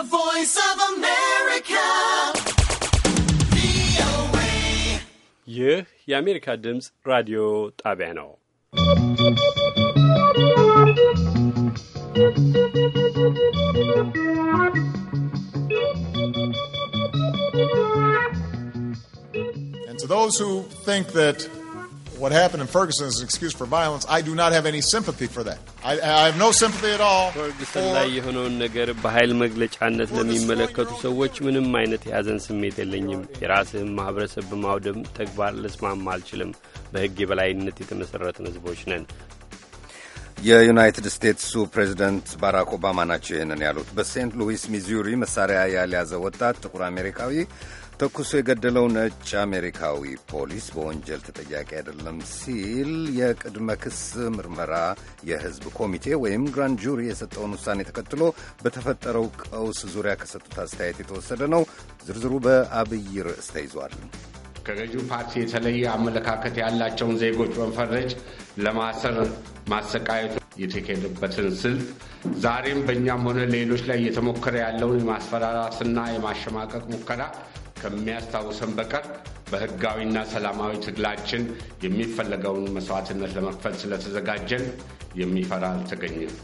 The voice of America. ይህ የአሜሪካ ድምፅ ራዲዮ ጣቢያ ነው። And to those who think that what happened in Ferguson is an excuse for violence. I do not have any sympathy for that. I, I have no sympathy at all. ፈርጉሰን ላይ የሆነውን ነገር በኃይል መግለጫነት ለሚመለከቱ ሰዎች ምንም አይነት የሐዘን ስሜት የለኝም። የራስህን ማህበረሰብ በማውደም ተግባር ልስማማ አልችልም። በሕግ የበላይነት የተመሠረትን ሕዝቦች ነን። የዩናይትድ ስቴትሱ ፕሬዚደንት ባራክ ኦባማ ናቸው ይህንን ያሉት። በሴንት ሉዊስ ሚዙሪ መሳሪያ ያልያዘ ወጣት ጥቁር አሜሪካዊ ተኩሶ የገደለው ነጭ አሜሪካዊ ፖሊስ በወንጀል ተጠያቂ አይደለም ሲል የቅድመ ክስ ምርመራ የሕዝብ ኮሚቴ ወይም ግራንድ ጁሪ የሰጠውን ውሳኔ ተከትሎ በተፈጠረው ቀውስ ዙሪያ ከሰጡት አስተያየት የተወሰደ ነው። ዝርዝሩ በአብይ ርዕስ ተይዟል። ከገዢው ፓርቲ የተለየ አመለካከት ያላቸውን ዜጎች በመፈረጅ ለማሰር ማሰቃየቱ የተካሄደበትን ስልት ዛሬም በእኛም ሆነ ሌሎች ላይ እየተሞከረ ያለውን የማስፈራራትና የማሸማቀቅ ሙከራ ከሚያስታውሰን በቀር በህጋዊና ሰላማዊ ትግላችን የሚፈለገውን መስዋዕትነት ለመክፈል ስለተዘጋጀን የሚፈራ አልተገኘም።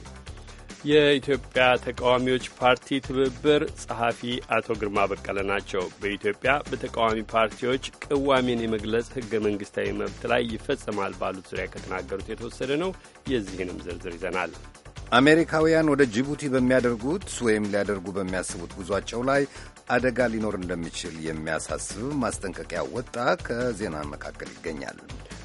የኢትዮጵያ ተቃዋሚዎች ፓርቲ ትብብር ጸሐፊ አቶ ግርማ በቀለ ናቸው። በኢትዮጵያ በተቃዋሚ ፓርቲዎች ቅዋሜን የመግለጽ ህገ መንግስታዊ መብት ላይ ይፈጸማል ባሉት ዙሪያ ከተናገሩት የተወሰደ ነው። የዚህንም ዝርዝር ይዘናል። አሜሪካውያን ወደ ጅቡቲ በሚያደርጉት ወይም ሊያደርጉ በሚያስቡት ጉዟቸው ላይ አደጋ ሊኖር እንደሚችል የሚያሳስብ ማስጠንቀቂያ ወጣ። ከዜና መካከል ይገኛል።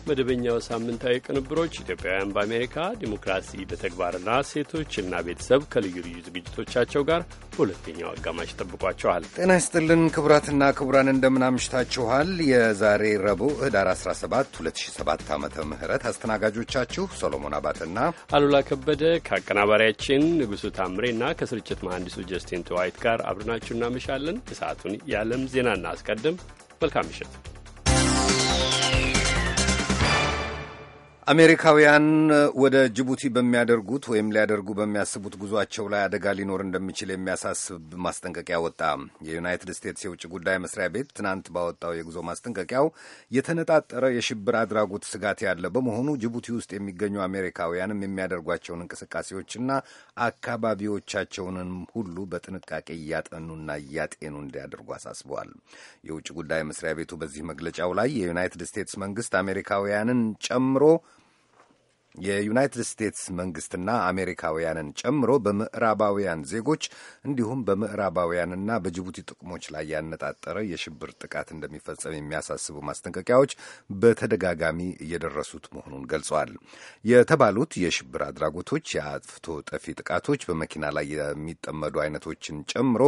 መደበኛው ሳምንታዊ ቅንብሮች ኢትዮጵያውያን በአሜሪካ ዲሞክራሲ በተግባርና ሴቶችና ቤተሰብ ከልዩ ልዩ ዝግጅቶቻቸው ጋር በሁለተኛው አጋማሽ ጠብቋቸዋል። ጤና ይስጥልን ክቡራትና ክቡራን እንደምናምሽታችኋል። የዛሬ ረቡዕ ህዳር 17 2007 ዓመተ ምህረት አስተናጋጆቻችሁ ሶሎሞን አባትና አሉላ ከበደ ከአቀናባሪያችን ንጉሱ ታምሬና ከስርጭት መሐንዲሱ ጀስቲን ትዋይት ጋር አብረናችሁ እናመሻለን። የሰዓቱን የዓለም ዜና እናስቀድም። መልካም ምሽት። አሜሪካውያን ወደ ጅቡቲ በሚያደርጉት ወይም ሊያደርጉ በሚያስቡት ጉዟቸው ላይ አደጋ ሊኖር እንደሚችል የሚያሳስብ ማስጠንቀቂያ ወጣ። የዩናይትድ ስቴትስ የውጭ ጉዳይ መስሪያ ቤት ትናንት ባወጣው የጉዞ ማስጠንቀቂያው የተነጣጠረ የሽብር አድራጎት ስጋት ያለ በመሆኑ ጅቡቲ ውስጥ የሚገኙ አሜሪካውያንም የሚያደርጓቸውን እንቅስቃሴዎችና አካባቢዎቻቸውንም ሁሉ በጥንቃቄ እያጠኑና እያጤኑ እንዲያደርጉ አሳስበዋል። የውጭ ጉዳይ መስሪያ ቤቱ በዚህ መግለጫው ላይ የዩናይትድ ስቴትስ መንግስት አሜሪካውያንን ጨምሮ የዩናይትድ ስቴትስ መንግስትና አሜሪካውያንን ጨምሮ በምዕራባውያን ዜጎች እንዲሁም በምዕራባውያንና በጅቡቲ ጥቅሞች ላይ ያነጣጠረ የሽብር ጥቃት እንደሚፈጸም የሚያሳስቡ ማስጠንቀቂያዎች በተደጋጋሚ እየደረሱት መሆኑን ገልጸዋል። የተባሉት የሽብር አድራጎቶች የአጥፍቶ ጠፊ ጥቃቶች፣ በመኪና ላይ የሚጠመዱ አይነቶችን ጨምሮ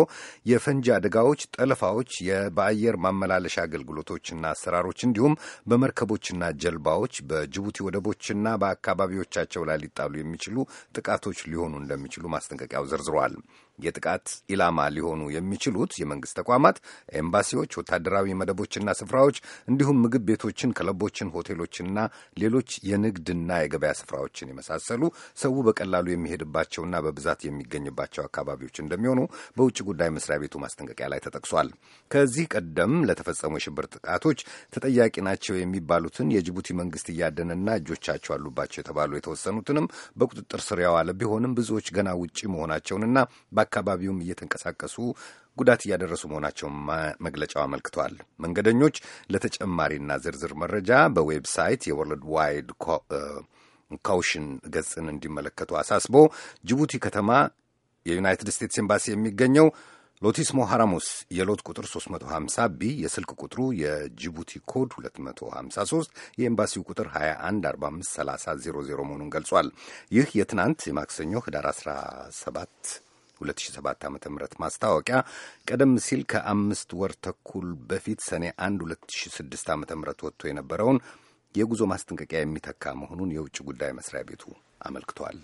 የፈንጂ አደጋዎች፣ ጠለፋዎች፣ በአየር ማመላለሻ አገልግሎቶችና አሰራሮች እንዲሁም በመርከቦችና ጀልባዎች በጅቡቲ ወደቦችና በአካ አካባቢዎቻቸው ላይ ሊጣሉ የሚችሉ ጥቃቶች ሊሆኑ እንደሚችሉ ማስጠንቀቂያው ዘርዝሯል። የጥቃት ኢላማ ሊሆኑ የሚችሉት የመንግስት ተቋማት፣ ኤምባሲዎች፣ ወታደራዊ መደቦችና ስፍራዎች እንዲሁም ምግብ ቤቶችን፣ ክለቦችን፣ ሆቴሎችና ሌሎች የንግድና የገበያ ስፍራዎችን የመሳሰሉ ሰው በቀላሉ የሚሄድባቸውና በብዛት የሚገኝባቸው አካባቢዎች እንደሚሆኑ በውጭ ጉዳይ መስሪያ ቤቱ ማስጠንቀቂያ ላይ ተጠቅሷል። ከዚህ ቀደም ለተፈጸሙ የሽብር ጥቃቶች ተጠያቂ ናቸው የሚባሉትን የጅቡቲ መንግስት እያደንና እጆቻቸው አሉባቸው የተባሉ የተወሰኑትንም በቁጥጥር ስር ያዋለ ቢሆንም ብዙዎች ገና ውጪ መሆናቸውንና በአካባቢውም እየተንቀሳቀሱ ጉዳት እያደረሱ መሆናቸውን መግለጫው አመልክቷል። መንገደኞች ለተጨማሪና ዝርዝር መረጃ በዌብሳይት የወርልድ ዋይድ ካውሽን ገጽን እንዲመለከቱ አሳስቦ ጅቡቲ ከተማ የዩናይትድ ስቴትስ ኤምባሲ የሚገኘው ሎቲስ ሞሃራሙስ የሎት ቁጥር 350 ቢ የስልክ ቁጥሩ የጅቡቲ ኮድ 253 የኤምባሲው ቁጥር 21453000 መሆኑን ገልጿል። ይህ የትናንት የማክሰኞ ህዳር 17 2007 ዓ ም ማስታወቂያ ቀደም ሲል ከአምስት ወር ተኩል በፊት ሰኔ 1 2006 ዓ ም ወጥቶ የነበረውን የጉዞ ማስጠንቀቂያ የሚተካ መሆኑን የውጭ ጉዳይ መስሪያ ቤቱ አመልክቷል።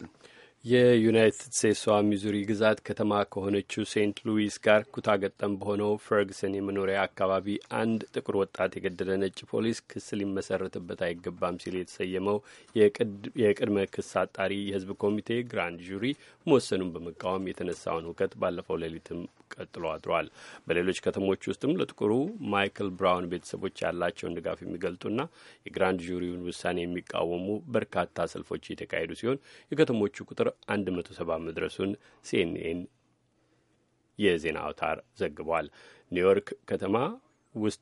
የዩናይትድ ስቴትሷ ሚዙሪ ግዛት ከተማ ከሆነችው ሴንት ሉዊስ ጋር ኩታገጠም በሆነው ፈርግሰን የመኖሪያ አካባቢ አንድ ጥቁር ወጣት የገደለ ነጭ ፖሊስ ክስ ሊመሰረትበት አይገባም ሲል የተሰየመው የቅድመ ክስ አጣሪ የሕዝብ ኮሚቴ ግራንድ ጁሪ መወሰኑን በመቃወም የተነሳውን ሁከት ባለፈው ሌሊትም ቀጥሎ አድሯል። በሌሎች ከተሞች ውስጥም ለጥቁሩ ማይክል ብራውን ቤተሰቦች ያላቸውን ድጋፍ የሚገልጡና የግራንድ ጁሪውን ውሳኔ የሚቃወሙ በርካታ ሰልፎች የተካሄዱ ሲሆን የከተሞቹ ቁጥር ቁጥር 170 መድረሱን ሲኤንኤን የዜና አውታር ዘግቧል። ኒውዮርክ ከተማ ውስጥ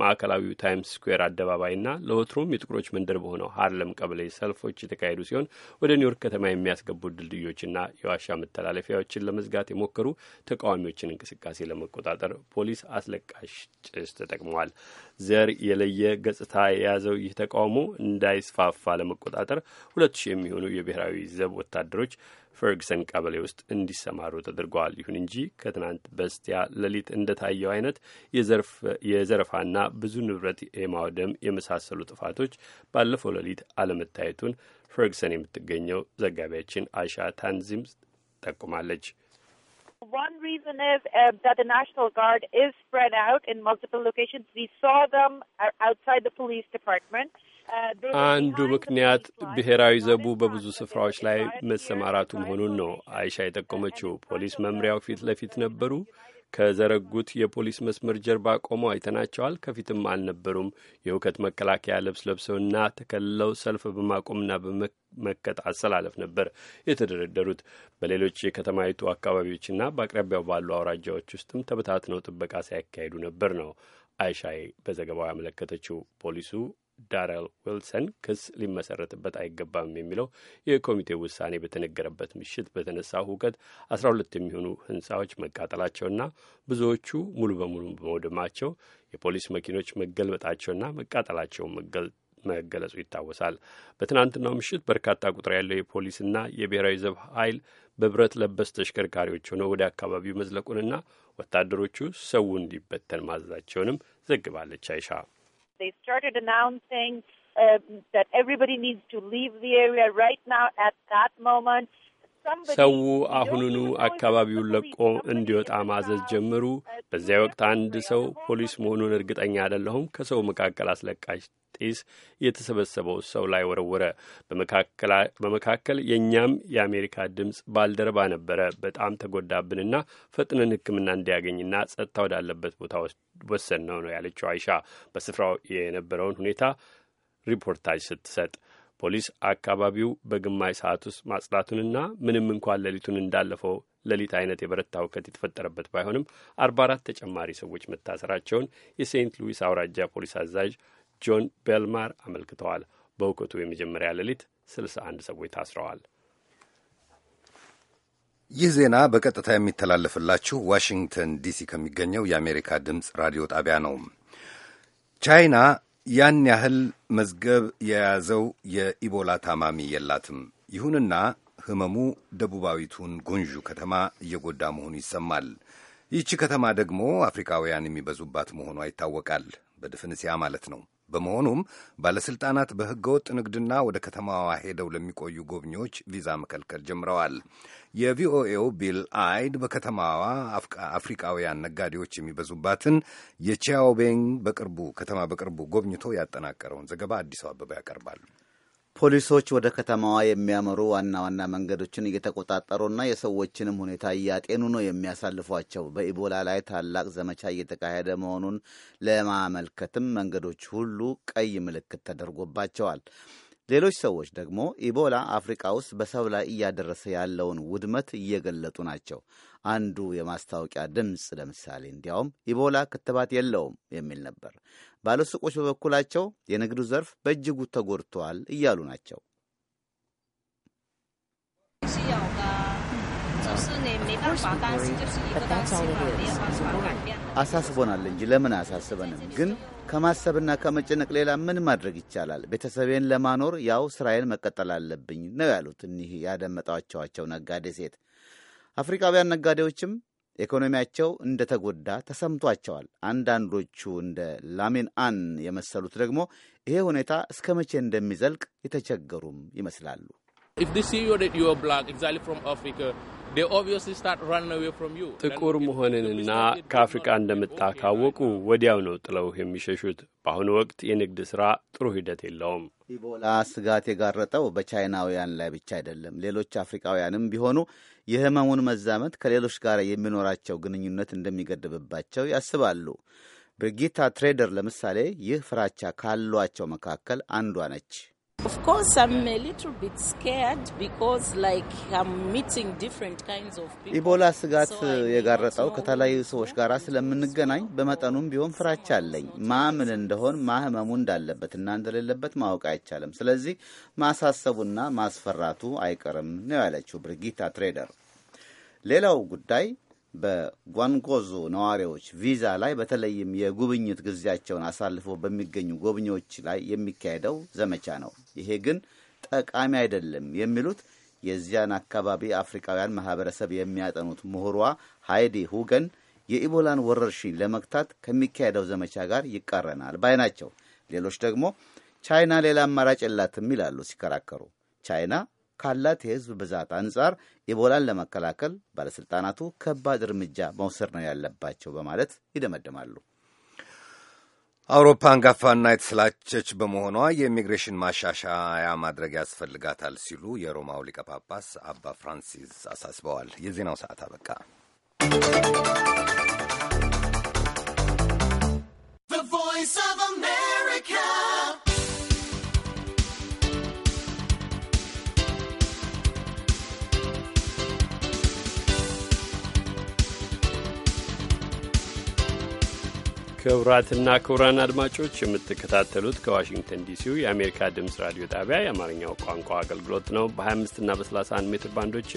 ማዕከላዊው ታይምስ ስኩዌር አደባባይና ለወትሮም የጥቁሮች መንደር በሆነው ሀርለም ቀበሌ ሰልፎች የተካሄዱ ሲሆን ወደ ኒውዮርክ ከተማ የሚያስገቡ ድልድዮችና የዋሻ መተላለፊያዎችን ለመዝጋት የሞከሩ ተቃዋሚዎችን እንቅስቃሴ ለመቆጣጠር ፖሊስ አስለቃሽ ጭስ ተጠቅመዋል። ዘር የለየ ገጽታ የያዘው ይህ ተቃውሞ እንዳይስፋፋ ለመቆጣጠር ሁለት ሺህ የሚሆኑ የብሔራዊ ዘብ ወታደሮች ፈርግሰን ቀበሌ ውስጥ እንዲሰማሩ ተደርገዋል። ይሁን እንጂ ከትናንት በስቲያ ሌሊት እንደታየው አይነት የዘረፋና ብዙ ንብረት የማውደም የመሳሰሉ ጥፋቶች ባለፈው ሌሊት አለመታየቱን ፈርግሰን የምትገኘው ዘጋቢያችን አሻ ታንዚም ጠቁማለች። One reason is uh, that the National Guard is spread out in multiple locations. We saw them uh, outside the police department. አንዱ ምክንያት ብሔራዊ ዘቡ በብዙ ስፍራዎች ላይ መሰማራቱ መሆኑን ነው አይሻ የጠቆመችው። ፖሊስ መምሪያው ፊት ለፊት ነበሩ። ከዘረጉት የፖሊስ መስመር ጀርባ ቆመው አይተናቸዋል። ከፊትም አልነበሩም። የእውከት መከላከያ ልብስ ለብሰውና ተከልለው ሰልፍ በማቆምና አሰላለፍ ነበር የተደረደሩት። በሌሎች የከተማይቱ አካባቢዎችና በአቅራቢያው ባሉ አውራጃዎች ውስጥም ተበታትነው ጥበቃ ሲያካሂዱ ነበር ነው አይሻይ በዘገባው ያመለከተችው። ፖሊሱ ዳረል ዊልሰን ክስ ሊመሰረትበት አይገባም የሚለው የኮሚቴ ውሳኔ በተነገረበት ምሽት በተነሳው ሁከት አስራ ሁለት የሚሆኑ ህንጻዎች መቃጠላቸውና ብዙዎቹ ሙሉ በሙሉ በመውደማቸው የፖሊስ መኪኖች መገልበጣቸውና መቃጠላቸውን መገለጹ ይታወሳል። በትናንትናው ምሽት በርካታ ቁጥር ያለው የፖሊስና የብሔራዊ ዘብ ኃይል በብረት ለበስ ተሽከርካሪዎች ሆነው ወደ አካባቢው መዝለቁንና ወታደሮቹ ሰው እንዲበተን ማዘዛቸውንም ዘግባለች አይሻ። They started announcing uh, that everybody needs to leave the area right now at that moment. ሰው አሁኑኑ አካባቢውን ለቆ እንዲወጣ ማዘዝ ጀመሩ። በዚያ ወቅት አንድ ሰው ፖሊስ መሆኑን እርግጠኛ አይደለሁም ከሰው መካከል አስለቃሽ ጢስ የተሰበሰበው ሰው ላይ ወረወረ። በመካከል የእኛም የአሜሪካ ድምፅ ባልደረባ ነበረ። በጣም ተጎዳብንና ፈጥነን ሕክምና እንዲያገኝና ጸጥታ ወዳለበት ቦታ ወሰን ነው ነው ያለችው አይሻ በስፍራው የነበረውን ሁኔታ ሪፖርታጅ ስትሰጥ ፖሊስ አካባቢው በግማሽ ሰዓት ውስጥ ማጽዳቱንና ምንም እንኳን ሌሊቱን እንዳለፈው ሌሊት አይነት የበረታ ውከት የተፈጠረበት ባይሆንም አርባ አራት ተጨማሪ ሰዎች መታሰራቸውን የሴንት ሉዊስ አውራጃ ፖሊስ አዛዥ ጆን ቤልማር አመልክተዋል። በሁከቱ የመጀመሪያ ሌሊት ስልሳ አንድ ሰዎች ታስረዋል። ይህ ዜና በቀጥታ የሚተላለፍላችሁ ዋሽንግተን ዲሲ ከሚገኘው የአሜሪካ ድምፅ ራዲዮ ጣቢያ ነው። ቻይና ያን ያህል መዝገብ የያዘው የኢቦላ ታማሚ የላትም። ይሁንና ህመሙ ደቡባዊቱን ጎንዡ ከተማ እየጎዳ መሆኑ ይሰማል። ይቺ ከተማ ደግሞ አፍሪካውያን የሚበዙባት መሆኗ ይታወቃል። በድፍን ማለት ነው። በመሆኑም ባለሥልጣናት በሕገወጥ ንግድና ወደ ከተማዋ ሄደው ለሚቆዩ ጎብኚዎች ቪዛ መከልከል ጀምረዋል። የቪኦኤው ቢል አይድ በከተማዋ አፍሪካውያን ነጋዴዎች የሚበዙባትን የቺያኦቤንግ በቅርቡ ከተማ በቅርቡ ጎብኝቶ ያጠናቀረውን ዘገባ አዲስ አበባ ያቀርባል። ፖሊሶች ወደ ከተማዋ የሚያመሩ ዋና ዋና መንገዶችን እየተቆጣጠሩና የሰዎችንም ሁኔታ እያጤኑ ነው የሚያሳልፏቸው። በኢቦላ ላይ ታላቅ ዘመቻ እየተካሄደ መሆኑን ለማመልከትም መንገዶች ሁሉ ቀይ ምልክት ተደርጎባቸዋል። ሌሎች ሰዎች ደግሞ ኢቦላ አፍሪካ ውስጥ በሰው ላይ እያደረሰ ያለውን ውድመት እየገለጡ ናቸው። አንዱ የማስታወቂያ ድምፅ ለምሳሌ እንዲያውም ኢቦላ ክትባት የለውም የሚል ነበር። ባለሱቆች በበኩላቸው የንግዱ ዘርፍ በእጅጉ ተጎድተዋል እያሉ ናቸው። አሳስቦናል እንጂ ለምን አያሳስበንም? ግን ከማሰብና ከመጨነቅ ሌላ ምን ማድረግ ይቻላል? ቤተሰቤን ለማኖር ያው ስራዬን መቀጠል አለብኝ ነው ያሉት እኒህ ያደመጣቸዋቸው ነጋዴ ሴት። አፍሪካውያን ነጋዴዎችም ኢኮኖሚያቸው እንደተጎዳ ተሰምቷቸዋል። አንዳንዶቹ እንደ ላሚን አን የመሰሉት ደግሞ ይሄ ሁኔታ እስከ መቼ እንደሚዘልቅ የተቸገሩም ይመስላሉ። ጥቁር መሆንንና ከአፍሪቃ እንደመጣ ካወቁ ወዲያው ነው ጥለው የሚሸሹት። በአሁኑ ወቅት የንግድ ሥራ ጥሩ ሂደት የለውም። ኢቦላ ስጋት የጋረጠው በቻይናውያን ላይ ብቻ አይደለም። ሌሎች አፍሪካውያንም ቢሆኑ የህመሙን መዛመት ከሌሎች ጋር የሚኖራቸው ግንኙነት እንደሚገድብባቸው ያስባሉ። ብርጊታ ትሬደር ለምሳሌ ይህ ፍራቻ ካሏቸው መካከል አንዷ ነች። ኢቦላ ስጋት የጋረጠው ከተለያዩ ሰዎች ጋር ስለምንገናኝ በመጠኑም ቢሆን ፍራቻ አለኝ። ማ ምን እንደሆን ማ ህመሙ እንዳለበት እና እንደሌለበት ማወቅ አይቻልም። ስለዚህ ማሳሰቡና ማስፈራቱ አይቀርም ነው ያለችው ብርጊታ ትሬደር። ሌላው ጉዳይ በጓንጎዞ ነዋሪዎች ቪዛ ላይ በተለይም የጉብኝት ጊዜያቸውን አሳልፎ በሚገኙ ጎብኚዎች ላይ የሚካሄደው ዘመቻ ነው። ይሄ ግን ጠቃሚ አይደለም የሚሉት የዚያን አካባቢ አፍሪካውያን ማህበረሰብ የሚያጠኑት ምሁሯ ሃይዲ ሁገን የኢቦላን ወረርሽኝ ለመግታት ከሚካሄደው ዘመቻ ጋር ይቃረናል ባይ ናቸው። ሌሎች ደግሞ ቻይና ሌላ አማራጭ የላትም ይላሉ ሲከራከሩ ቻይና ካላት የህዝብ ብዛት አንጻር ኢቦላን ለመከላከል ባለሥልጣናቱ ከባድ እርምጃ መውሰድ ነው ያለባቸው በማለት ይደመድማሉ። አውሮፓ አንጋፋና የተሰላቸች በመሆኗ የኢሚግሬሽን ማሻሻያ ማድረግ ያስፈልጋታል ሲሉ የሮማው ሊቀ ጳጳስ አባ ፍራንሲስ አሳስበዋል። የዜናው ሰዓት አበቃ። ክቡራትና ክቡራን አድማጮች የምትከታተሉት ከዋሽንግተን ዲሲው የአሜሪካ ድምፅ ራዲዮ ጣቢያ የአማርኛው ቋንቋ አገልግሎት ነው። በ25 እና በ31 ሜትር ባንዶች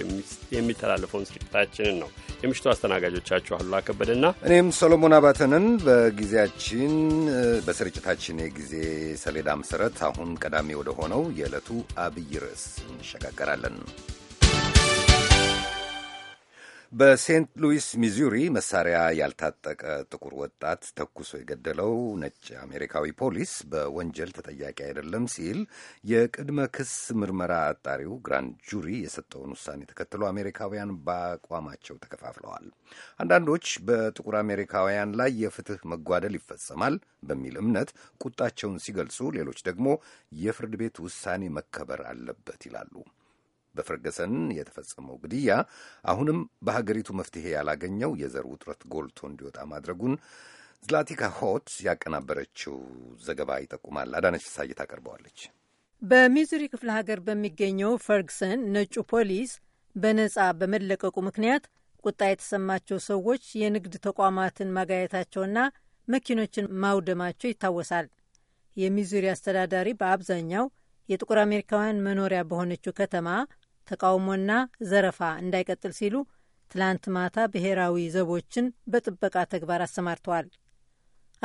የሚተላለፈውን ስርጭታችንን ነው። የምሽቱ አስተናጋጆቻችሁ አሉላ ከበደና እኔም ሰሎሞን አባተንን። በጊዜያችን በስርጭታችን የጊዜ ሰሌዳ መሰረት አሁን ቀዳሚ ወደ ሆነው የዕለቱ አብይ ርዕስ እንሸጋገራለን። በሴንት ሉዊስ ሚዙሪ መሳሪያ ያልታጠቀ ጥቁር ወጣት ተኩሶ የገደለው ነጭ አሜሪካዊ ፖሊስ በወንጀል ተጠያቂ አይደለም ሲል የቅድመ ክስ ምርመራ አጣሪው ግራንድ ጁሪ የሰጠውን ውሳኔ ተከትሎ አሜሪካውያን በአቋማቸው ተከፋፍለዋል። አንዳንዶች በጥቁር አሜሪካውያን ላይ የፍትህ መጓደል ይፈጸማል በሚል እምነት ቁጣቸውን ሲገልጹ፣ ሌሎች ደግሞ የፍርድ ቤት ውሳኔ መከበር አለበት ይላሉ። በፈርገሰን የተፈጸመው ግድያ አሁንም በሀገሪቱ መፍትሄ ያላገኘው የዘር ውጥረት ጎልቶ እንዲወጣ ማድረጉን ዝላቲካ ሆት ያቀናበረችው ዘገባ ይጠቁማል። አዳነች ሳየት አቀርበዋለች። በሚዙሪ ክፍለ ሀገር በሚገኘው ፈርግሰን ነጩ ፖሊስ በነጻ በመለቀቁ ምክንያት ቁጣ የተሰማቸው ሰዎች የንግድ ተቋማትን ማጋየታቸውና መኪኖችን ማውደማቸው ይታወሳል። የሚዙሪ አስተዳዳሪ በአብዛኛው የጥቁር አሜሪካውያን መኖሪያ በሆነችው ከተማ ተቃውሞና ዘረፋ እንዳይቀጥል ሲሉ ትላንት ማታ ብሔራዊ ዘቦችን በጥበቃ ተግባር አሰማርተዋል።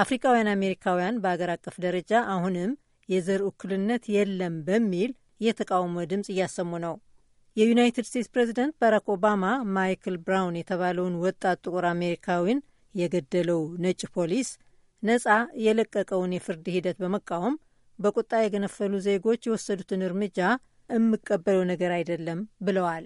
አፍሪካውያን አሜሪካውያን በአገር አቀፍ ደረጃ አሁንም የዘር እኩልነት የለም በሚል የተቃውሞ ድምፅ እያሰሙ ነው። የዩናይትድ ስቴትስ ፕሬዚደንት ባራክ ኦባማ ማይክል ብራውን የተባለውን ወጣት ጥቁር አሜሪካዊን የገደለው ነጭ ፖሊስ ነጻ የለቀቀውን የፍርድ ሂደት በመቃወም በቁጣ የገነፈሉ ዜጎች የወሰዱትን እርምጃ የምቀበለው ነገር አይደለም ብለዋል።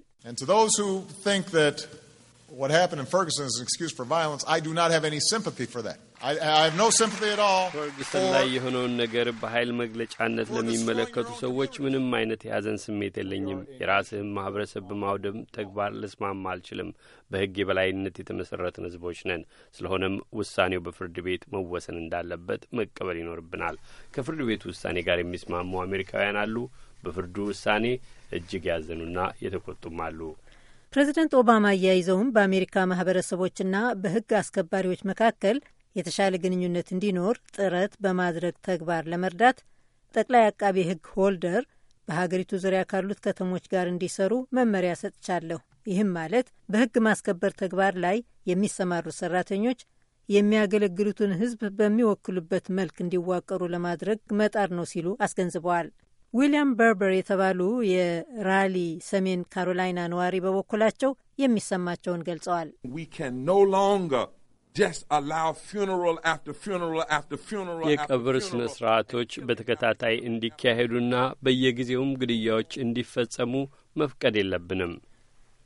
ፈርጉሰን ላይ የሆነውን ነገር በኃይል መግለጫነት ለሚመለከቱ ሰዎች ምንም አይነት የሐዘን ስሜት የለኝም። የራስህን ማህበረሰብ በማውደም ተግባር ልስማማ አልችልም። በሕግ የበላይነት የተመሠረትን ሕዝቦች ነን። ስለሆነም ውሳኔው በፍርድ ቤት መወሰን እንዳለበት መቀበል ይኖርብናል። ከፍርድ ቤቱ ውሳኔ ጋር የሚስማሙ አሜሪካውያን አሉ። በፍርዱ ውሳኔ እጅግ ያዘኑና የተቆጡም አሉ። ፕሬዚደንት ኦባማ አያይዘውም በአሜሪካ ማህበረሰቦችና በህግ አስከባሪዎች መካከል የተሻለ ግንኙነት እንዲኖር ጥረት በማድረግ ተግባር ለመርዳት ጠቅላይ አቃቤ ህግ ሆልደር በሀገሪቱ ዙሪያ ካሉት ከተሞች ጋር እንዲሰሩ መመሪያ ሰጥቻለሁ። ይህም ማለት በህግ ማስከበር ተግባር ላይ የሚሰማሩት ሰራተኞች የሚያገለግሉትን ህዝብ በሚወክሉበት መልክ እንዲዋቀሩ ለማድረግ መጣር ነው ሲሉ አስገንዝበዋል። ዊሊያም በርበር የተባሉ የራሊ ሰሜን ካሮላይና ነዋሪ በበኩላቸው የሚሰማቸውን ገልጸዋል። የቀብር ስነ ስርዓቶች በተከታታይ እንዲካሄዱና በየጊዜውም ግድያዎች እንዲፈጸሙ መፍቀድ የለብንም።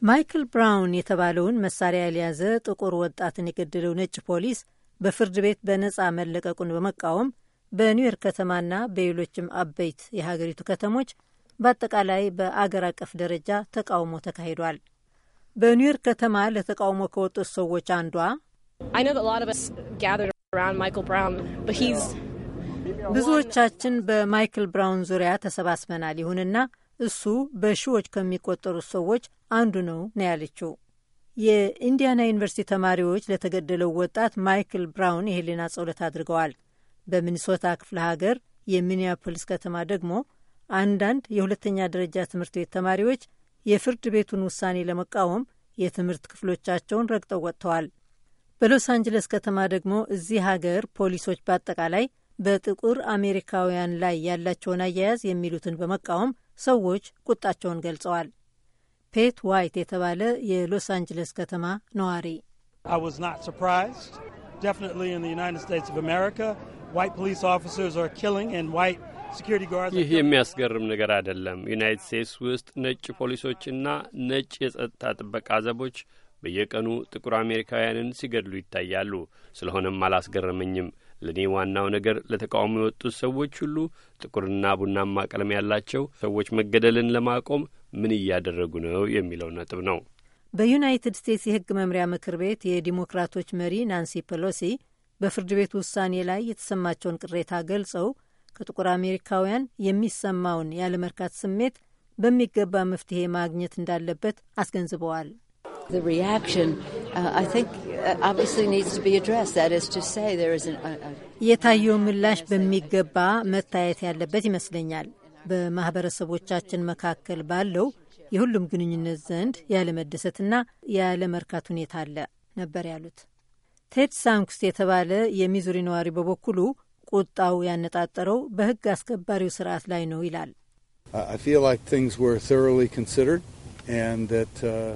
ማይክል ብራውን የተባለውን መሳሪያ ያልያዘ ጥቁር ወጣትን የገደለው ነጭ ፖሊስ በፍርድ ቤት በነጻ መለቀቁን በመቃወም በኒውዮርክ ከተማና በሌሎችም አበይት የሀገሪቱ ከተሞች በአጠቃላይ በአገር አቀፍ ደረጃ ተቃውሞ ተካሂዷል። በኒውዮርክ ከተማ ለተቃውሞ ከወጡት ሰዎች አንዷ ብዙዎቻችን በማይክል ብራውን ዙሪያ ተሰባስበናል፣ ይሁንና እሱ በሺዎች ከሚቆጠሩት ሰዎች አንዱ ነው ነው ያለችው። የኢንዲያና ዩኒቨርሲቲ ተማሪዎች ለተገደለው ወጣት ማይክል ብራውን የህሊና ጸሎት አድርገዋል። በሚኒሶታ ክፍለ ሀገር የሚኒያፖሊስ ከተማ ደግሞ አንዳንድ የሁለተኛ ደረጃ ትምህርት ቤት ተማሪዎች የፍርድ ቤቱን ውሳኔ ለመቃወም የትምህርት ክፍሎቻቸውን ረግጠው ወጥተዋል። በሎስ አንጅለስ ከተማ ደግሞ እዚህ ሀገር ፖሊሶች በአጠቃላይ በጥቁር አሜሪካውያን ላይ ያላቸውን አያያዝ የሚሉትን በመቃወም ሰዎች ቁጣቸውን ገልጸዋል። ፔት ዋይት የተባለ የሎስ አንጅለስ ከተማ ነዋሪ ይህ የሚያስገርም ነገር አይደለም። ዩናይትድ ስቴትስ ውስጥ ነጭ ፖሊሶችና ነጭ የጸጥታ ጥበቃ ዘቦች በየቀኑ ጥቁር አሜሪካውያንን ሲገድሉ ይታያሉ። ስለሆነም አላስገረመኝም። ለእኔ ዋናው ነገር ለተቃውሞ የወጡት ሰዎች ሁሉ ጥቁርና ቡናማ ቀለም ያላቸው ሰዎች መገደልን ለማቆም ምን እያደረጉ ነው የሚለው ነጥብ ነው። በዩናይትድ ስቴትስ የህግ መምሪያ ምክር ቤት የዲሞክራቶች መሪ ናንሲ ፔሎሲ በፍርድ ቤት ውሳኔ ላይ የተሰማቸውን ቅሬታ ገልጸው ከጥቁር አሜሪካውያን የሚሰማውን ያለመርካት ስሜት በሚገባ መፍትሄ ማግኘት እንዳለበት አስገንዝበዋል። uh, uh, uh, የታየው ምላሽ በሚገባ መታየት ያለበት ይመስለኛል። በማህበረሰቦቻችን መካከል ባለው የሁሉም ግንኙነት ዘንድ ያለመደሰትና ያለመርካት ሁኔታ አለ ነበር ያሉት። ቴድ ሳንክስ የተባለ የሚዙሪ ነዋሪ በበኩሉ ቁጣው ያነጣጠረው በሕግ አስከባሪው ስርዓት ላይ ነው ይላል። uh, uh,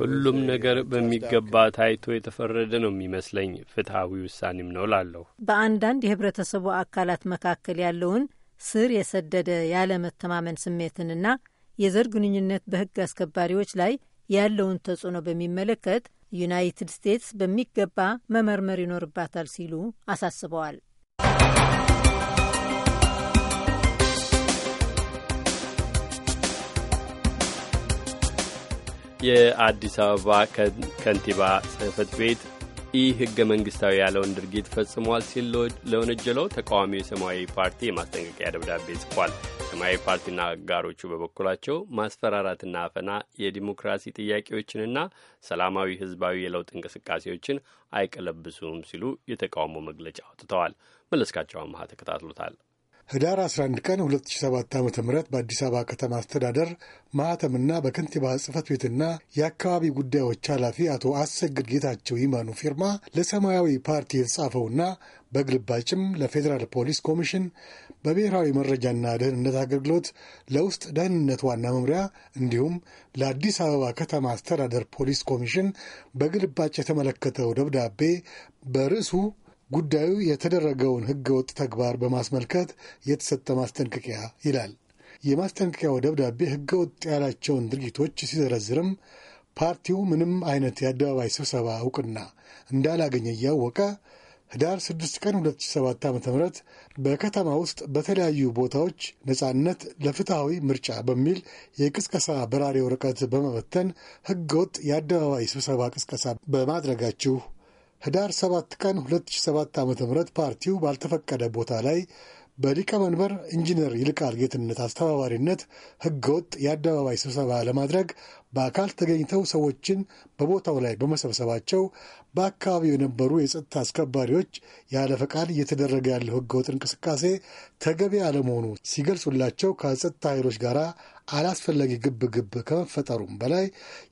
ሁሉም ነገር በሚገባ ታይቶ የተፈረደ ነው የሚመስለኝ፣ ፍትሐዊ ውሳኔም ነው ላለሁ። በአንዳንድ የህብረተሰቡ አካላት መካከል ያለውን ስር የሰደደ ያለመተማመን ስሜትንና የዘር ግንኙነት በሕግ አስከባሪዎች ላይ ያለውን ተጽዕኖ በሚመለከት ዩናይትድ ስቴትስ በሚገባ መመርመር ይኖርባታል ሲሉ አሳስበዋል። የአዲስ አበባ ከንቲባ ጽህፈት ቤት ይህ ህገ መንግስታዊ ያለውን ድርጊት ፈጽሟል ሲል ለወነጀለው ተቃዋሚው የሰማያዊ ፓርቲ የማስጠንቀቂያ ደብዳቤ ጽፏል። ሰማያዊ ፓርቲና አጋሮቹ በበኩላቸው ማስፈራራትና አፈና የዲሞክራሲ ጥያቄዎችንና ሰላማዊ ህዝባዊ የለውጥ እንቅስቃሴዎችን አይቀለብሱም ሲሉ የተቃውሞ መግለጫ አውጥተዋል። መለስካቸው አመሀ ተከታትሎታል። ህዳር 11 ቀን 2007 ዓ ም በአዲስ አበባ ከተማ አስተዳደር ማህተምና በከንቲባ ጽሕፈት ቤትና የአካባቢ ጉዳዮች ኃላፊ አቶ አሰግድ ጌታቸው ይመኑ ፊርማ ለሰማያዊ ፓርቲ የተጻፈውና በግልባጭም ለፌዴራል ፖሊስ ኮሚሽን፣ በብሔራዊ መረጃና ደህንነት አገልግሎት፣ ለውስጥ ደህንነት ዋና መምሪያ እንዲሁም ለአዲስ አበባ ከተማ አስተዳደር ፖሊስ ኮሚሽን በግልባጭ የተመለከተው ደብዳቤ በርዕሱ ጉዳዩ የተደረገውን ህገወጥ ተግባር በማስመልከት የተሰጠ ማስጠንቀቂያ ይላል። የማስጠንቀቂያው ደብዳቤ ህገወጥ ያላቸውን ድርጊቶች ሲዘረዝርም ፓርቲው ምንም አይነት የአደባባይ ስብሰባ እውቅና እንዳላገኘ እያወቀ ህዳር 6 ቀን 2007 ዓ ም በከተማ ውስጥ በተለያዩ ቦታዎች ነፃነት ለፍትሐዊ ምርጫ በሚል የቅስቀሳ በራሪ ወረቀት በመበተን ህገወጥ የአደባባይ ስብሰባ ቅስቀሳ በማድረጋችሁ ህዳር 7 ቀን 2007 ዓ ም ፓርቲው ባልተፈቀደ ቦታ ላይ በሊቀመንበር ኢንጂነር ይልቃል ጌትነት አስተባባሪነት ህገወጥ የአደባባይ ስብሰባ ለማድረግ በአካል ተገኝተው ሰዎችን በቦታው ላይ በመሰብሰባቸው በአካባቢው የነበሩ የጸጥታ አስከባሪዎች ያለ ፈቃድ እየተደረገ ያለው ህገወጥ እንቅስቃሴ ተገቢ አለመሆኑ ሲገልጹላቸው ከጸጥታ ኃይሎች ጋር አላስፈላጊ ግብግብ ከመፈጠሩም በላይ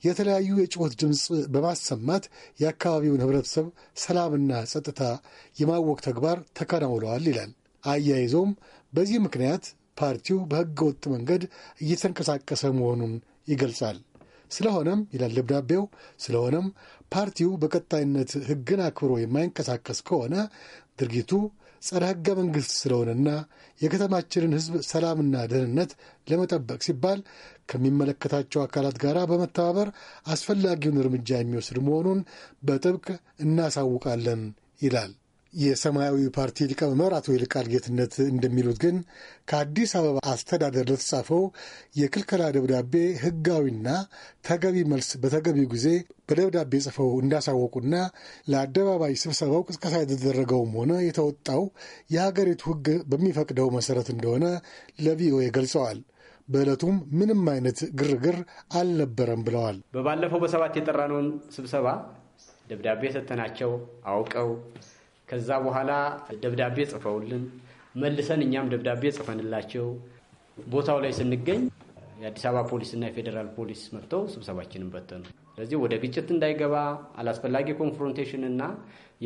የተለያዩ የጩኸት ድምፅ በማሰማት የአካባቢውን ህብረተሰብ ሰላምና ጸጥታ የማወቅ ተግባር ተከናውለዋል ይላል። አያይዞም በዚህ ምክንያት ፓርቲው በህገ ወጥ መንገድ እየተንቀሳቀሰ መሆኑን ይገልጻል። ስለሆነም ይላል ደብዳቤው፣ ስለሆነም ፓርቲው በቀጣይነት ህግን አክብሮ የማይንቀሳቀስ ከሆነ ድርጊቱ ጸረ ሕገ መንግሥት ስለሆነና የከተማችንን ሕዝብ ሰላምና ደህንነት ለመጠበቅ ሲባል ከሚመለከታቸው አካላት ጋር በመተባበር አስፈላጊውን እርምጃ የሚወስድ መሆኑን በጥብቅ እናሳውቃለን ይላል የሰማያዊ ፓርቲ ሊቀመንበር አቶ ይልቃል ጌትነት እንደሚሉት ግን ከአዲስ አበባ አስተዳደር ለተጻፈው የክልከላ ደብዳቤ ሕጋዊና ተገቢ መልስ በተገቢው ጊዜ በደብዳቤ ጽፈው እንዳሳወቁና ለአደባባይ ስብሰባው ቅስቀሳ የተደረገውም ሆነ የተወጣው የሀገሪቱ ሕግ በሚፈቅደው መሰረት እንደሆነ ለቪኦኤ ገልጸዋል። በዕለቱም ምንም አይነት ግርግር አልነበረም ብለዋል። በባለፈው በሰባት የጠራነውን ስብሰባ ደብዳቤ ሰጥተናቸው አውቀው ከዛ በኋላ ደብዳቤ ጽፈውልን መልሰን እኛም ደብዳቤ ጽፈንላቸው ቦታው ላይ ስንገኝ የአዲስ አበባ ፖሊስና የፌዴራል ፖሊስ መጥተው ስብሰባችንን በተኑ። ስለዚህ ወደ ግጭት እንዳይገባ አላስፈላጊ ኮንፍሮንቴሽንና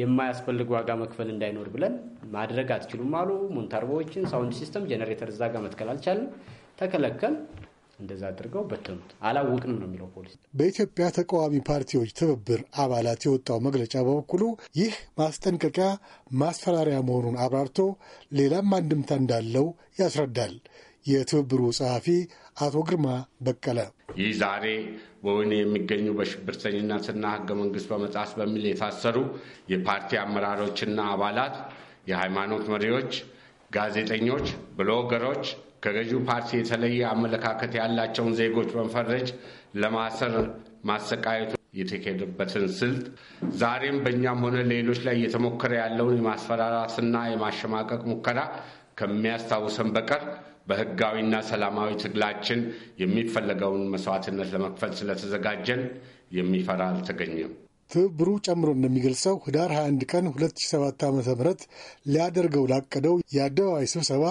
የማያስፈልግ ዋጋ መክፈል እንዳይኖር ብለን ማድረግ አትችሉም አሉ። ሞንታርቦዎችን፣ ሳውንድ ሲስተም፣ ጀነሬተር እዛ ጋር መትከል አልቻለም፣ ተከለከል እንደዛ አድርገው በተኑት። አላወቅንም ነው የሚለው ፖሊስ። በኢትዮጵያ ተቃዋሚ ፓርቲዎች ትብብር አባላት የወጣው መግለጫ በበኩሉ ይህ ማስጠንቀቂያ ማስፈራሪያ መሆኑን አብራርቶ ሌላም አንድምታ እንዳለው ያስረዳል። የትብብሩ ጸሐፊ አቶ ግርማ በቀለ ይህ ዛሬ በወህኒ የሚገኙ በሽብርተኝነትና ህገ መንግስት በመጣስ በሚል የታሰሩ የፓርቲ አመራሮችና አባላት፣ የሃይማኖት መሪዎች፣ ጋዜጠኞች፣ ብሎገሮች ከገዢው ፓርቲ የተለየ አመለካከት ያላቸውን ዜጎች በመፈረጅ ለማሰር ማሰቃየቱ የተካሄደበትን ስልት ዛሬም በእኛም ሆነ ሌሎች ላይ እየተሞከረ ያለውን የማስፈራራትና የማሸማቀቅ ሙከራ ከሚያስታውሰን በቀር በህጋዊና ሰላማዊ ትግላችን የሚፈለገውን መስዋዕትነት ለመክፈል ስለተዘጋጀን የሚፈራ አልተገኘም። ትብብሩ ጨምሮ እንደሚገልጸው ህዳር 21 ቀን 2007 ዓ ም ሊያደርገው ላቀደው የአደባባይ ስብሰባ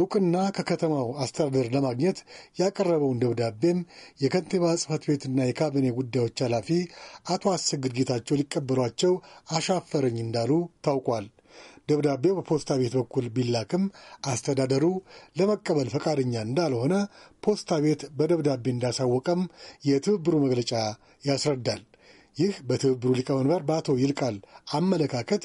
እውቅና ከከተማው አስተዳደር ለማግኘት ያቀረበውን ደብዳቤም የከንቲባ ጽህፈት ቤትና የካቢኔ ጉዳዮች ኃላፊ አቶ አሰግድ ጌታቸው ሊቀበሏቸው አሻፈረኝ እንዳሉ ታውቋል። ደብዳቤው በፖስታ ቤት በኩል ቢላክም አስተዳደሩ ለመቀበል ፈቃደኛ እንዳልሆነ ፖስታ ቤት በደብዳቤ እንዳሳወቀም የትብብሩ መግለጫ ያስረዳል። ይህ በትብብሩ ሊቀመንበር በአቶ ይልቃል አመለካከት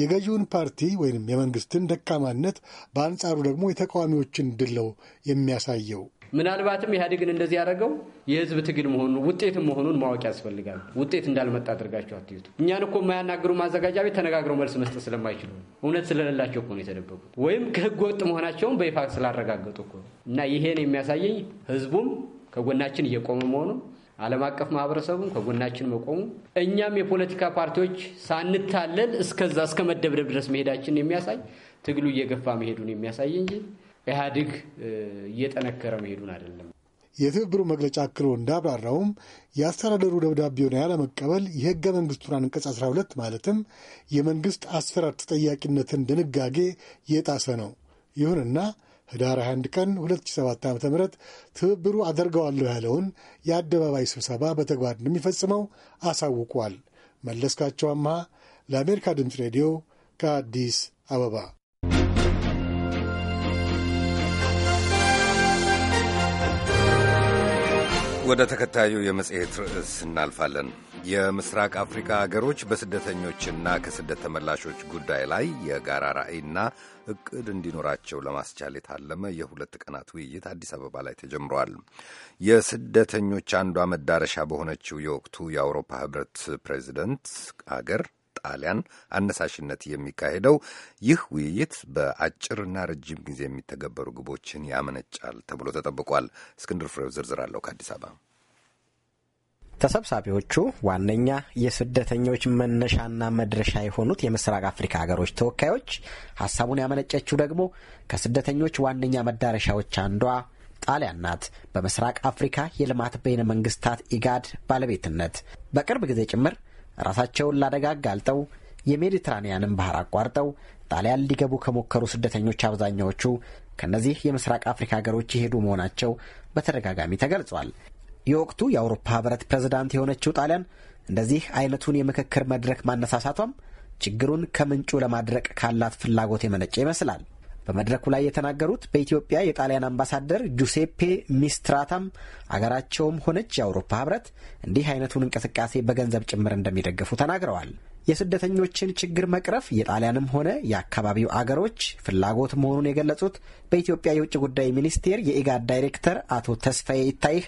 የገዢውን ፓርቲ ወይም የመንግስትን ደካማነት፣ በአንጻሩ ደግሞ የተቃዋሚዎችን ድለው የሚያሳየው። ምናልባትም ኢህአዴግን እንደዚህ ያደረገው የህዝብ ትግል መሆኑን ውጤትም መሆኑን ማወቅ ያስፈልጋል። ውጤት እንዳልመጣ አድርጋቸው አትዩት። እኛን እኮ የማያናግሩ ማዘጋጃ ቤት ተነጋግረው መልስ መስጠት ስለማይችሉ እውነት ስለሌላቸው እኮ ነው የተደበቁት፣ ወይም ከህገ ወጥ መሆናቸውን በይፋ ስላረጋገጡ እኮ እና ይሄን የሚያሳየኝ ህዝቡም ከጎናችን እየቆመ መሆኑን ዓለም አቀፍ ማህበረሰቡም ከጎናችን መቆሙ እኛም የፖለቲካ ፓርቲዎች ሳንታለል እስከዛ እስከ መደብደብ ድረስ መሄዳችን የሚያሳይ ትግሉ እየገፋ መሄዱን የሚያሳይ እንጂ ኢህአዴግ እየጠነከረ መሄዱን አይደለም። የትብብሩ መግለጫ አክሎ እንዳብራራውም የአስተዳደሩ ደብዳቤውን ያለመቀበል የህገ መንግስቱን አንቀጽ 12 ማለትም የመንግስት አሰራር ተጠያቂነትን ድንጋጌ የጣሰ ነው። ይሁንና ህዳር 21 ቀን 2007 ዓ ም ትብብሩ አደርገዋለሁ ያለውን የአደባባይ ስብሰባ በተግባር እንደሚፈጽመው አሳውቋል። መለስካቸው አምሃ ለአሜሪካ ድምፅ ሬዲዮ ከአዲስ አበባ ወደ ተከታዩ የመጽሔት ርዕስ እናልፋለን። የምስራቅ አፍሪካ አገሮች በስደተኞችና ከስደት ተመላሾች ጉዳይ ላይ የጋራ ራዕይና እቅድ እንዲኖራቸው ለማስቻል የታለመ የሁለት ቀናት ውይይት አዲስ አበባ ላይ ተጀምሯል። የስደተኞች አንዷ መዳረሻ በሆነችው የወቅቱ የአውሮፓ ህብረት ፕሬዚደንት አገር ጣሊያን አነሳሽነት የሚካሄደው ይህ ውይይት በአጭርና ረጅም ጊዜ የሚተገበሩ ግቦችን ያመነጫል ተብሎ ተጠብቋል። እስክንድር ፍሬው ዝርዝር አለው ከአዲስ አበባ ተሰብሳቢዎቹ ዋነኛ የስደተኞች መነሻና መድረሻ የሆኑት የምስራቅ አፍሪካ ሀገሮች ተወካዮች ሀሳቡን ያመነጨችው ደግሞ ከስደተኞች ዋነኛ መዳረሻዎች አንዷ ጣሊያን ናት። በምስራቅ አፍሪካ የልማት በይነ መንግስታት ኢጋድ ባለቤትነት በቅርብ ጊዜ ጭምር ራሳቸውን ላደጋ አጋልጠው የሜዲትራኒያንን ባህር አቋርጠው ጣሊያን ሊገቡ ከሞከሩ ስደተኞች አብዛኛዎቹ ከእነዚህ የምስራቅ አፍሪካ ሀገሮች የሄዱ መሆናቸው በተደጋጋሚ ተገልጿል። የወቅቱ የአውሮፓ ህብረት ፕሬዝዳንት የሆነችው ጣሊያን እንደዚህ አይነቱን የምክክር መድረክ ማነሳሳቷም ችግሩን ከምንጩ ለማድረቅ ካላት ፍላጎት የመነጨ ይመስላል። በመድረኩ ላይ የተናገሩት በኢትዮጵያ የጣሊያን አምባሳደር ጁሴፔ ሚስትራታም አገራቸውም ሆነች የአውሮፓ ህብረት እንዲህ አይነቱን እንቅስቃሴ በገንዘብ ጭምር እንደሚደግፉ ተናግረዋል። የስደተኞችን ችግር መቅረፍ የጣሊያንም ሆነ የአካባቢው አገሮች ፍላጎት መሆኑን የገለጹት በኢትዮጵያ የውጭ ጉዳይ ሚኒስቴር የኢጋድ ዳይሬክተር አቶ ተስፋዬ ይታይህ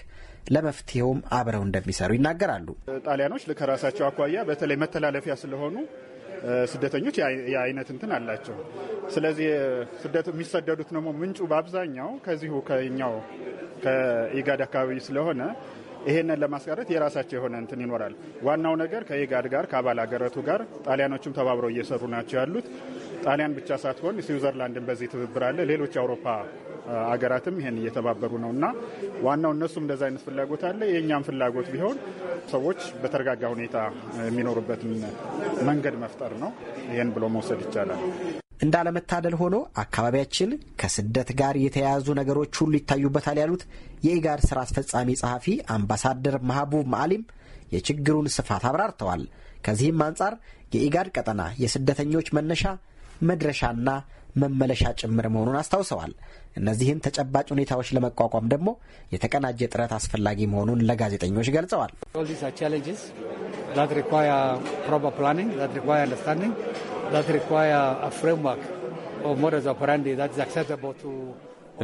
ለመፍትሄውም አብረው እንደሚሰሩ ይናገራሉ። ጣሊያኖች ከራሳቸው አኳያ በተለይ መተላለፊያ ስለሆኑ ስደተኞች የአይነት እንትን አላቸው። ስለዚህ ስደት የሚሰደዱት ደግሞ ምንጩ በአብዛኛው ከዚሁ ከኛው ከኢጋድ አካባቢ ስለሆነ ይሄንን ለማስቀረት የራሳቸው የሆነ እንትን ይኖራል። ዋናው ነገር ከኢጋድ ጋር ከአባል አገረቱ ጋር ጣሊያኖችም ተባብረው እየሰሩ ናቸው ያሉት ጣሊያን ብቻ ሳትሆን ስዊዘርላንድን በዚህ ትብብር አለ። ሌሎች የአውሮፓ አገራትም ይህን እየተባበሩ ነው እና ዋናው እነሱም እንደዚ አይነት ፍላጎት አለ። የእኛም ፍላጎት ቢሆን ሰዎች በተረጋጋ ሁኔታ የሚኖሩበትን መንገድ መፍጠር ነው። ይህን ብሎ መውሰድ ይቻላል። እንዳለመታደል ሆኖ አካባቢያችን ከስደት ጋር የተያያዙ ነገሮች ሁሉ ይታዩበታል ያሉት የኢጋድ ስራ አስፈጻሚ ጸሐፊ አምባሳደር ማህቡብ ማአሊም የችግሩን ስፋት አብራርተዋል። ከዚህም አንጻር የኢጋድ ቀጠና የስደተኞች መነሻ መድረሻና መመለሻ ጭምር መሆኑን አስታውሰዋል። እነዚህን ተጨባጭ ሁኔታዎች ለመቋቋም ደግሞ የተቀናጀ ጥረት አስፈላጊ መሆኑን ለጋዜጠኞች ገልጸዋል።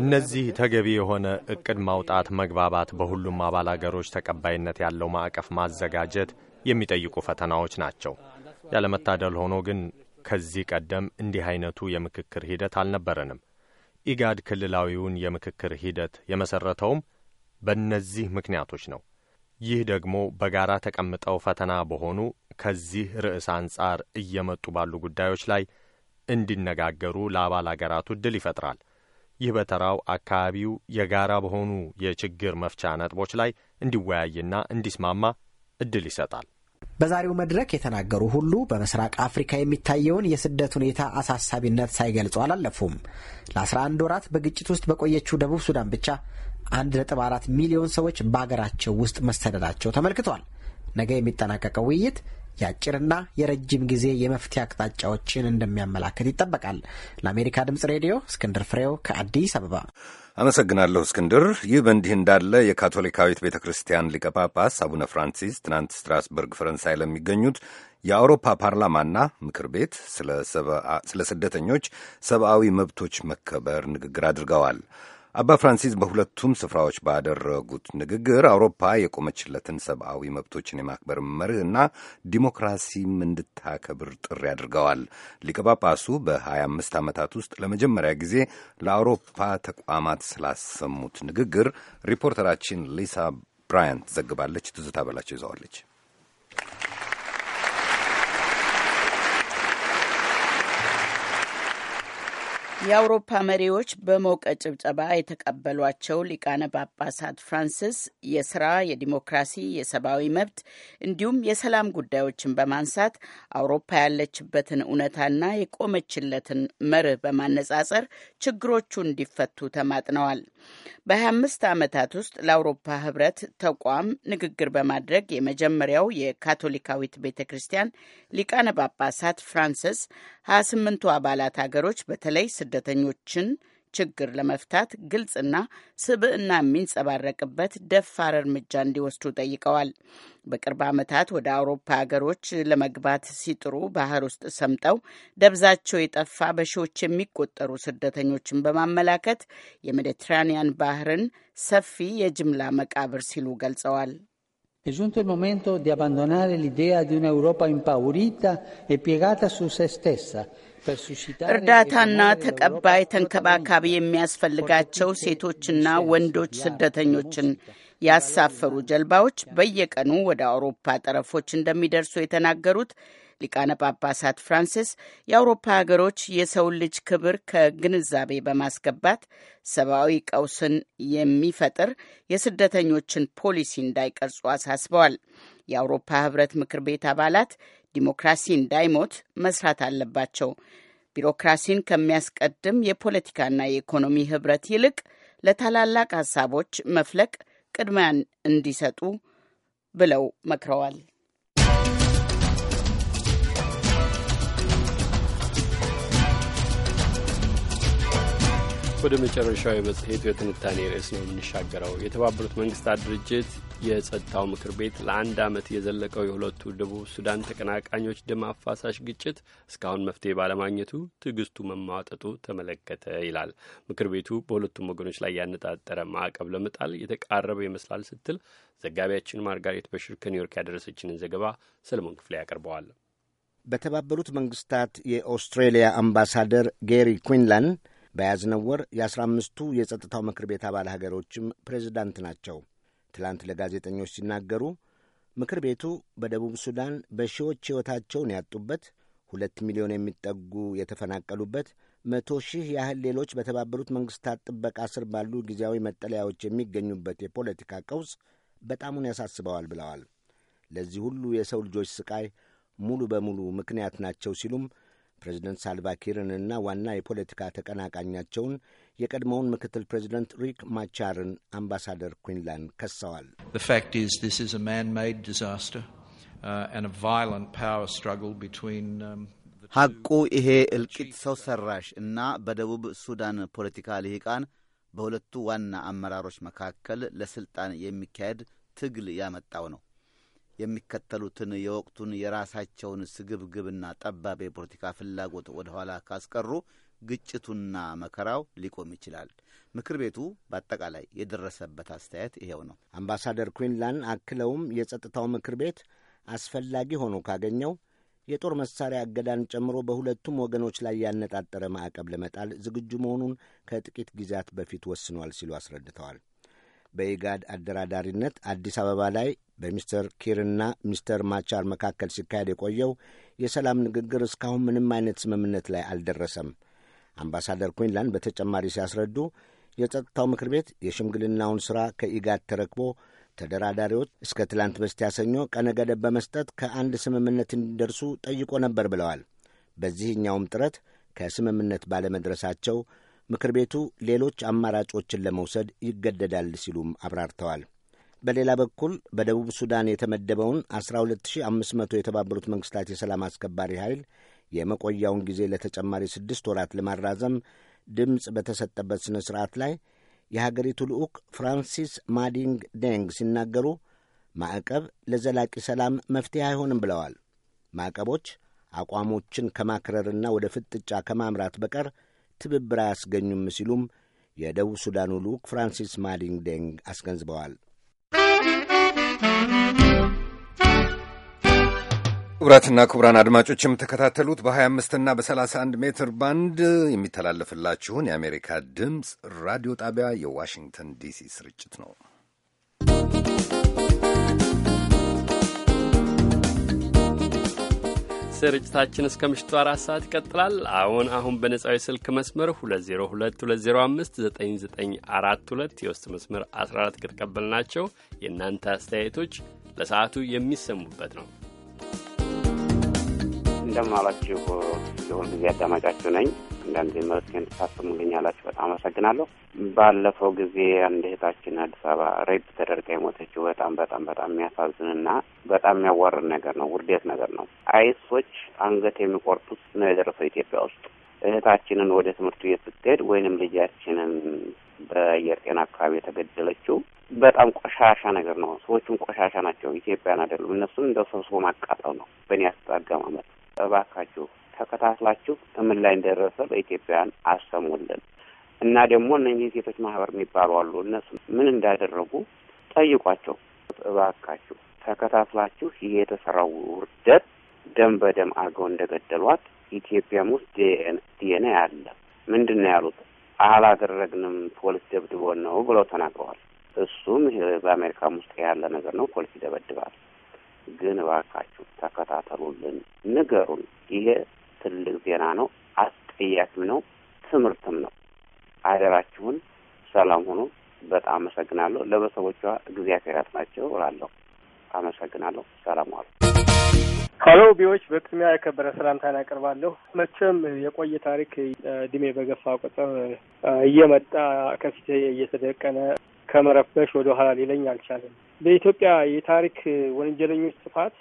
እነዚህ ተገቢ የሆነ እቅድ ማውጣት፣ መግባባት፣ በሁሉም አባል አገሮች ተቀባይነት ያለው ማዕቀፍ ማዘጋጀት የሚጠይቁ ፈተናዎች ናቸው። ያለመታደል ሆኖ ግን ከዚህ ቀደም እንዲህ አይነቱ የምክክር ሂደት አልነበረንም። ኢጋድ ክልላዊውን የምክክር ሂደት የመሠረተውም በእነዚህ ምክንያቶች ነው። ይህ ደግሞ በጋራ ተቀምጠው ፈተና በሆኑ ከዚህ ርዕስ አንጻር እየመጡ ባሉ ጉዳዮች ላይ እንዲነጋገሩ ለአባል አገራቱ ዕድል ይፈጥራል። ይህ በተራው አካባቢው የጋራ በሆኑ የችግር መፍቻ ነጥቦች ላይ እንዲወያይና እንዲስማማ ዕድል ይሰጣል። በዛሬው መድረክ የተናገሩ ሁሉ በምስራቅ አፍሪካ የሚታየውን የስደት ሁኔታ አሳሳቢነት ሳይገልጹ አላለፉም። ለ11 ወራት በግጭት ውስጥ በቆየችው ደቡብ ሱዳን ብቻ 1.4 ሚሊዮን ሰዎች በአገራቸው ውስጥ መሰደዳቸው ተመልክቷል። ነገ የሚጠናቀቀው ውይይት የአጭርና የረጅም ጊዜ የመፍትሄ አቅጣጫዎችን እንደሚያመላክት ይጠበቃል። ለአሜሪካ ድምጽ ሬዲዮ እስክንድር ፍሬው ከአዲስ አበባ አመሰግናለሁ እስክንድር። ይህ በእንዲህ እንዳለ የካቶሊካዊት ቤተ ክርስቲያን ሊቀ ጳጳስ አቡነ ፍራንሲስ ትናንት ስትራስበርግ ፈረንሳይ ለሚገኙት የአውሮፓ ፓርላማና ምክር ቤት ስለ ስደተኞች ሰብአዊ መብቶች መከበር ንግግር አድርገዋል። አባ ፍራንሲስ በሁለቱም ስፍራዎች ባደረጉት ንግግር አውሮፓ የቆመችለትን ሰብአዊ መብቶችን የማክበር መርህና ዲሞክራሲም እንድታከብር ጥሪ አድርገዋል። ሊቀ ጳጳሱ በ25 ዓመታት ውስጥ ለመጀመሪያ ጊዜ ለአውሮፓ ተቋማት ስላሰሙት ንግግር ሪፖርተራችን ሊሳ ብራያንት ዘግባለች። ትዝታ በላቸው ይዘዋለች። የአውሮፓ መሪዎች በሞቀ ጭብጨባ የተቀበሏቸው ሊቃነ ጳጳሳት ፍራንሲስ የስራ፣ የዲሞክራሲ፣ የሰብአዊ መብት እንዲሁም የሰላም ጉዳዮችን በማንሳት አውሮፓ ያለችበትን እውነታና የቆመችለትን መርህ በማነጻጸር ችግሮቹ እንዲፈቱ ተማጥነዋል። በ25 ዓመታት ውስጥ ለአውሮፓ ህብረት ተቋም ንግግር በማድረግ የመጀመሪያው የካቶሊካዊት ቤተ ክርስቲያን ሊቃነ ጳጳሳት ፍራንሲስ 28ቱ አባላት አገሮች በተለይ ስደተኞችን ችግር ለመፍታት ግልጽና ስብዕና የሚንጸባረቅበት ደፋር እርምጃ እንዲወስዱ ጠይቀዋል። በቅርብ ዓመታት ወደ አውሮፓ ሀገሮች ለመግባት ሲጥሩ ባህር ውስጥ ሰምጠው ደብዛቸው የጠፋ በሺዎች የሚቆጠሩ ስደተኞችን በማመላከት የሜዲትራኒያን ባህርን ሰፊ የጅምላ መቃብር ሲሉ ገልጸዋል። È giunto il momento di abbandonare l'idea di እርዳታና ተቀባይ ተንከባካቢ የሚያስፈልጋቸው ሴቶችና ወንዶች ስደተኞችን ያሳፈሩ ጀልባዎች በየቀኑ ወደ አውሮፓ ጠረፎች እንደሚደርሱ የተናገሩት ሊቃነ ጳጳሳት ፍራንሲስ የአውሮፓ ሀገሮች የሰውን ልጅ ክብር ከግንዛቤ በማስገባት ሰብአዊ ቀውስን የሚፈጥር የስደተኞችን ፖሊሲ እንዳይቀርጹ አሳስበዋል። የአውሮፓ ሕብረት ምክር ቤት አባላት ዲሞክራሲ እንዳይሞት መስራት አለባቸው። ቢሮክራሲን ከሚያስቀድም የፖለቲካና የኢኮኖሚ ህብረት ይልቅ ለታላላቅ ሀሳቦች መፍለቅ ቅድሚያን እንዲሰጡ ብለው መክረዋል። ወደ መጨረሻው የመጽሔቱ የትንታኔ ርዕስ ነው የምንሻገረው። የተባበሩት መንግስታት ድርጅት የጸጥታው ምክር ቤት ለአንድ ዓመት የዘለቀው የሁለቱ ደቡብ ሱዳን ተቀናቃኞች ደም አፋሳሽ ግጭት እስካሁን መፍትሄ ባለማግኘቱ ትዕግስቱ መሟጠጡ ተመለከተ ይላል። ምክር ቤቱ በሁለቱም ወገኖች ላይ ያነጣጠረ ማዕቀብ ለመጣል የተቃረበ ይመስላል ስትል ዘጋቢያችን ማርጋሬት በሽር ከኒውዮርክ ያደረሰችንን ዘገባ ሰለሞን ክፍሌ ያቀርበዋል። በተባበሩት መንግስታት የኦስትሬሊያ አምባሳደር ጌሪ ኩንላንድ በያዝነው ወር የ አምስቱ ቱ የጸጥታው ምክር ቤት አባል ሀገሮችም ፕሬዝዳንት ናቸው። ትላንት ለጋዜጠኞች ሲናገሩ ምክር ቤቱ በደቡብ ሱዳን በሺዎች ሕይወታቸውን ያጡበት፣ ሁለት ሚሊዮን የሚጠጉ የተፈናቀሉበት፣ መቶ ሺህ ያህል ሌሎች በተባበሩት መንግስታት ጥበቃ ስር ባሉ ጊዜያዊ መጠለያዎች የሚገኙበት የፖለቲካ ቀውስ በጣሙን ያሳስበዋል ብለዋል። ለዚህ ሁሉ የሰው ልጆች ስቃይ ሙሉ በሙሉ ምክንያት ናቸው ሲሉም ፕሬዚደንት ሳልቫኪርንና ዋና የፖለቲካ ተቀናቃኛቸውን የቀድሞውን ምክትል ፕሬዚደንት ሪክ ማቻርን አምባሳደር ኩንላንድ ከሰዋል። ሐቁ uh, um, ይሄ እልቂት ሰው ሰራሽ እና በደቡብ ሱዳን ፖለቲካ ልሂቃን በሁለቱ ዋና አመራሮች መካከል ለስልጣን የሚካሄድ ትግል ያመጣው ነው። የሚከተሉትን የወቅቱን የራሳቸውን ስግብግብና ጠባብ የፖለቲካ ፍላጎት ወደ ኋላ ካስቀሩ ግጭቱና መከራው ሊቆም ይችላል። ምክር ቤቱ በአጠቃላይ የደረሰበት አስተያየት ይሄው ነው። አምባሳደር ኩንላን አክለውም የጸጥታው ምክር ቤት አስፈላጊ ሆኖ ካገኘው የጦር መሳሪያ እገዳን ጨምሮ በሁለቱም ወገኖች ላይ ያነጣጠረ ማዕቀብ ለመጣል ዝግጁ መሆኑን ከጥቂት ጊዜያት በፊት ወስኗል ሲሉ አስረድተዋል። በኢጋድ አደራዳሪነት አዲስ አበባ ላይ በሚስተር ኪርና ሚስተር ማቻር መካከል ሲካሄድ የቆየው የሰላም ንግግር እስካሁን ምንም አይነት ስምምነት ላይ አልደረሰም። አምባሳደር ኩንላንድ በተጨማሪ ሲያስረዱ የጸጥታው ምክር ቤት የሽምግልናውን ሥራ ከኢጋድ ተረክቦ ተደራዳሪዎች እስከ ትላንት በስቲያ ሰኞ ቀነ ገደብ በመስጠት ከአንድ ስምምነት እንዲደርሱ ጠይቆ ነበር ብለዋል። በዚህኛውም ጥረት ከስምምነት ባለመድረሳቸው ምክር ቤቱ ሌሎች አማራጮችን ለመውሰድ ይገደዳል ሲሉም አብራርተዋል። በሌላ በኩል በደቡብ ሱዳን የተመደበውን 12500 የተባበሩት መንግስታት የሰላም አስከባሪ ኃይል የመቆያውን ጊዜ ለተጨማሪ ስድስት ወራት ለማራዘም ድምፅ በተሰጠበት ሥነ ሥርዓት ላይ የሀገሪቱ ልዑክ ፍራንሲስ ማዲንግ ዴንግ ሲናገሩ ማዕቀብ ለዘላቂ ሰላም መፍትሄ አይሆንም ብለዋል። ማዕቀቦች አቋሞችን ከማክረርና ወደ ፍጥጫ ከማምራት በቀር ትብብር አያስገኙም ሲሉም የደቡብ ሱዳኑ ልዑክ ፍራንሲስ ማዲንግ ዴንግ አስገንዝበዋል። ክቡራትና ክቡራን አድማጮች የምትከታተሉት በ25 እና በ31 ሜትር ባንድ የሚተላለፍላችሁን የአሜሪካ ድምፅ ራዲዮ ጣቢያ የዋሽንግተን ዲሲ ስርጭት ነው። ስርጭታችን እስከ ምሽቱ አራት ሰዓት ይቀጥላል። አሁን አሁን በነጻዊ ስልክ መስመር 2022059942 የውስጥ መስመር 14 ከተቀበልናቸው የእናንተ አስተያየቶች ለሰዓቱ የሚሰሙበት ነው። እንደምን አላችሁ? የሁል ጊዜ አዳማጫችሁ ነኝ። አንዳንድ መልዕክቴን እንድታሰሙልኝ አላችሁ። በጣም አመሰግናለሁ። ባለፈው ጊዜ አንድ እህታችን አዲስ አበባ ሬፕ ተደርጋ የሞተችው በጣም በጣም በጣም የሚያሳዝንና በጣም የሚያዋርድ ነገር ነው፣ ውርደት ነገር ነው። አይሶች አንገት የሚቆርጡት ነው የደረሰው ኢትዮጵያ ውስጥ። እህታችንን ወደ ትምህርት ቤት ስትሄድ ወይንም ልጃችንን በአየር ጤና አካባቢ የተገደለችው በጣም ቆሻሻ ነገር ነው። ሰዎቹም ቆሻሻ ናቸው፣ ኢትዮጵያን አይደሉም። እነሱም እንደ ሰብስቦ ማቃጠው ነው በእኔ አስተጋማመት። እባካችሁ ተከታትላችሁ ምን ላይ እንደደረሰ ለኢትዮጵያውያን አሰሙልን እና ደግሞ እነዚህ ሴቶች ማህበር የሚባሉ አሉ። እነሱ ምን እንዳደረጉ ጠይቋቸው። እባካችሁ ተከታትላችሁ ይሄ የተሰራው ውርደት ደም በደም አድርገው እንደገደሏት ኢትዮጵያም ውስጥ ዲኤንኤ አለ። ምንድን ነው ያሉት? አላደረግንም ፖሊስ ደብድቦን ነው ብለው ተናግረዋል። እሱም በአሜሪካም ውስጥ ያለ ነገር ነው። ፖሊስ ይደበድባል። ግን እባካችሁ ተከታተሉልን፣ ንገሩን። ይሄ ትልቅ ዜና ነው፣ አስጠያቂም ነው፣ ትምህርትም ነው። አደራችሁን፣ ሰላም ሆኖ በጣም አመሰግናለሁ። ለቤተሰቦቿ እግዚአብሔር ያጽናቸው እላለሁ። አመሰግናለሁ። ሰላም ዋሉ። ሀሎ ቢዎች በቅድሚያ የከበረ ሰላምታን ያቀርባለሁ። መቼም የቆየ ታሪክ እድሜ በገፋ ቁጥር እየመጣ ከፊት እየተደቀነ ከመረበሽ ወደ ኋላ ሊለኝ አልቻለም። በኢትዮጵያ የታሪክ ወንጀለኞች ስፋት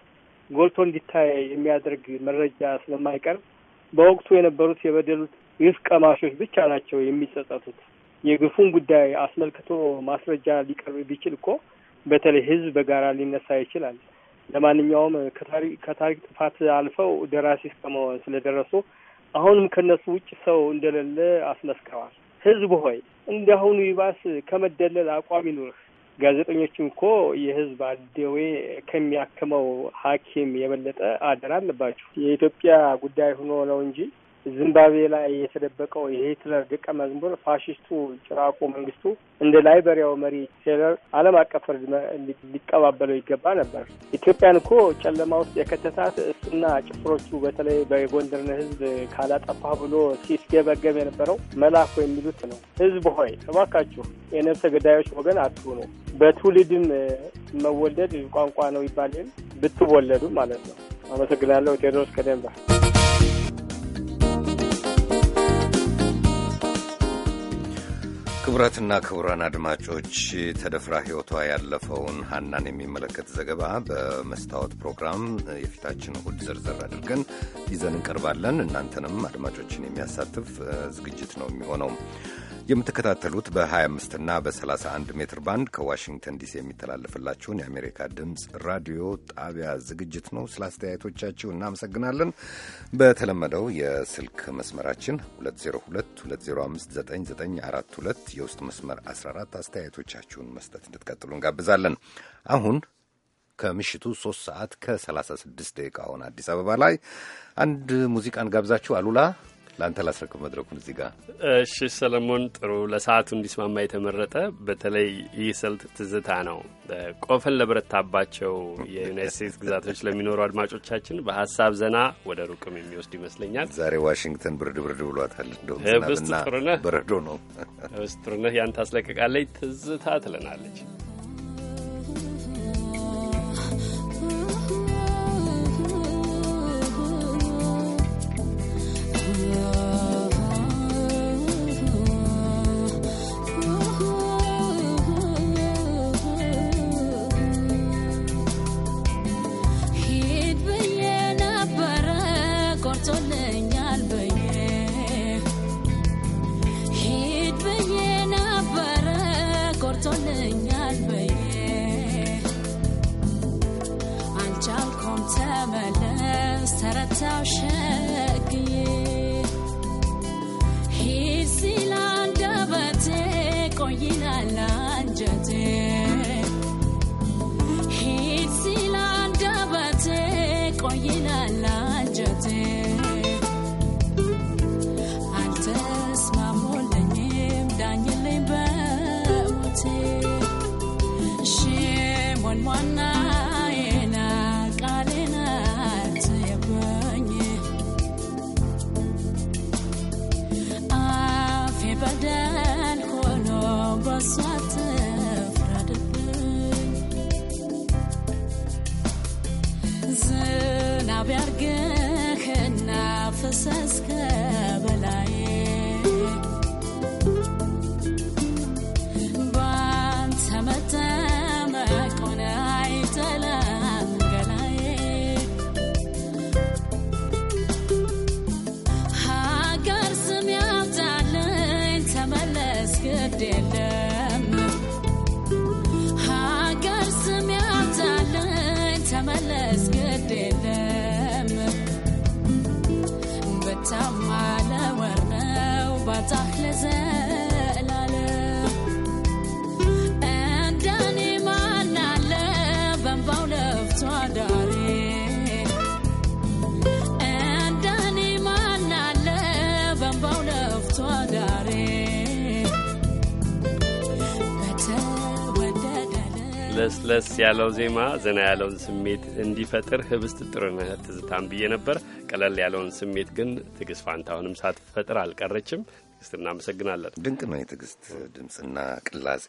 ጎልቶ እንዲታይ የሚያደርግ መረጃ ስለማይቀርብ በወቅቱ የነበሩት የበደሉት ግፍ ቀማሾች ብቻ ናቸው የሚጸጸቱት። የግፉን ጉዳይ አስመልክቶ ማስረጃ ሊቀርብ ቢችል እኮ በተለይ ህዝብ በጋራ ሊነሳ ይችላል። ለማንኛውም ከታሪክ ጥፋት አልፈው ደራሲ እስከመሆን ስለደረሱ አሁንም ከነሱ ውጭ ሰው እንደሌለ አስመስክረዋል። ህዝብ ሆይ እንዲያሁኑ ይባስ ከመደለል አቋም ይኑርህ። ጋዜጠኞችም እኮ የህዝብ አደዌ ከሚያክመው ሐኪም የበለጠ አደራ አለባቸው። የኢትዮጵያ ጉዳይ ሆኖ ነው እንጂ ዚምባብዌ ላይ የተደበቀው የሂትለር ደቀ መዝሙር ፋሽስቱ ጭራቁ መንግስቱ እንደ ላይበሪያው መሪ ቴለር ዓለም አቀፍ ፍርድ ሊቀባበለው ይገባ ነበር። ኢትዮጵያን እኮ ጨለማ ውስጥ የከተታት እሱና ጭፍሮቹ በተለይ በጎንደርን ህዝብ ካላጠፋ ብሎ ሲስገበገብ የነበረው መላክ የሚሉት ነው። ህዝብ ሆይ እባካችሁ የነፍሰ ገዳዮች ወገን አትሁኑ። በትውልድም መወለድ ቋንቋ ነው ይባል ብትወለዱ ማለት ነው። አመሰግናለሁ። ቴዎድሮስ ከደንባ ክቡራትና ክቡራን አድማጮች ተደፍራ ሕይወቷ ያለፈውን ሀናን የሚመለከት ዘገባ በመስታወት ፕሮግራም የፊታችን እሁድ ዝርዘር አድርገን ይዘን እንቀርባለን። እናንተንም አድማጮችን የሚያሳትፍ ዝግጅት ነው የሚሆነው። የምትከታተሉት በ25 እና በ31 ሜትር ባንድ ከዋሽንግተን ዲሲ የሚተላለፍላችሁን የአሜሪካ ድምፅ ራዲዮ ጣቢያ ዝግጅት ነው። ስለ አስተያየቶቻችሁ እናመሰግናለን። በተለመደው የስልክ መስመራችን 2022059942 የውስጥ መስመር 14 አስተያየቶቻችሁን መስጠት እንድትቀጥሉ እንጋብዛለን። አሁን ከምሽቱ 3 ሰዓት ከ36 ደቂቃ ሆነ አዲስ አበባ ላይ። አንድ ሙዚቃን ጋብዛችሁ አሉላ ለአንተ ላስረክብ መድረኩን እዚህ ጋር። እሺ ሰለሞን፣ ጥሩ ለሰዓቱ እንዲስማማ የተመረጠ በተለይ ይህ ስልት ትዝታ ነው። ቆፈን ለበረታባቸው የዩናይት ስቴትስ ግዛቶች ለሚኖሩ አድማጮቻችን በሀሳብ ዘና ወደ ሩቅም የሚወስድ ይመስለኛል። ዛሬ ዋሽንግተን ብርድ ብርድ ብሏታል። እንደውም በረዶ ነው። ብስጥሩነህ ያን ታስለቅቃለች፣ ትዝታ ትለናለች። ያለው ዜማ ዘና ያለውን ስሜት እንዲፈጥር ህብስት ጥሩነህ ትዝታን ብዬ ነበር። ቀለል ያለውን ስሜት ግን ትዕግስት ፋንታሁንም ሳትፈጥር አልቀረችም። ትዕግስት እናመሰግናለን። ድንቅ ነው የትዕግስት ድምፅና ቅላጼ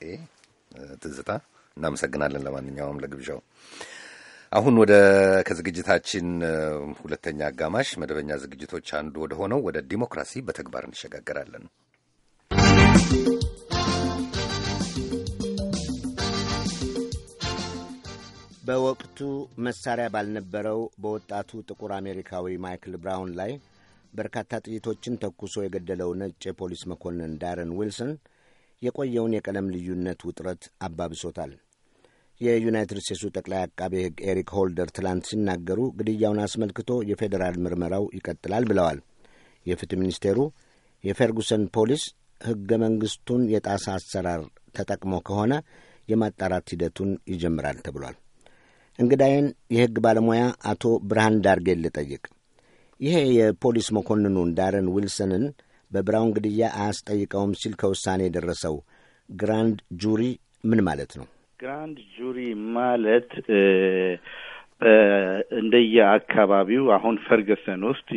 ትዝታ። እናመሰግናለን ለማንኛውም ለግብዣው። አሁን ወደ ከዝግጅታችን ሁለተኛ አጋማሽ መደበኛ ዝግጅቶች አንዱ ወደ ሆነው ወደ ዲሞክራሲ በተግባር እንሸጋገራለን። በወቅቱ መሳሪያ ባልነበረው በወጣቱ ጥቁር አሜሪካዊ ማይክል ብራውን ላይ በርካታ ጥይቶችን ተኩሶ የገደለው ነጭ የፖሊስ መኮንን ዳረን ዊልሰን የቆየውን የቀለም ልዩነት ውጥረት አባብሶታል። የዩናይትድ ስቴትሱ ጠቅላይ አቃቤ ሕግ ኤሪክ ሆልደር ትላንት ሲናገሩ ግድያውን አስመልክቶ የፌዴራል ምርመራው ይቀጥላል ብለዋል። የፍትህ ሚኒስቴሩ የፌርጉሰን ፖሊስ ሕገ መንግሥቱን የጣሳ አሰራር ተጠቅሞ ከሆነ የማጣራት ሂደቱን ይጀምራል ተብሏል። እንግዳዬን የሕግ ባለሙያ አቶ ብርሃን ዳርጌን ልጠይቅ። ይሄ የፖሊስ መኮንኑን ዳረን ዊልሰንን በብራውን ግድያ አያስጠይቀውም ሲል ከውሳኔ የደረሰው ግራንድ ጁሪ ምን ማለት ነው? ግራንድ ጁሪ ማለት እንደየ አካባቢው አሁን ፈርገሰን ውስጥ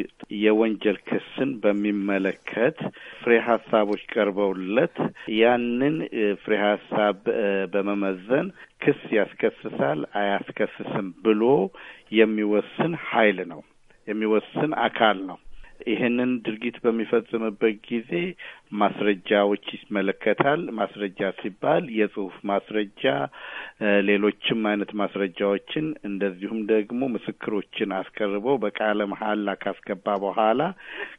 የወንጀል ክስን በሚመለከት ፍሬ ሀሳቦች ቀርበውለት ያንን ፍሬ ሀሳብ በመመዘን ክስ ያስከስሳል አያስከስስም ብሎ የሚወስን ኃይል ነው የሚወስን አካል ነው። ይህንን ድርጊት በሚፈጽምበት ጊዜ ማስረጃዎች ይመለከታል። ማስረጃ ሲባል የጽሁፍ ማስረጃ፣ ሌሎችም አይነት ማስረጃዎችን እንደዚሁም ደግሞ ምስክሮችን አስቀርቦ በቃለ መሀላ ካስገባ በኋላ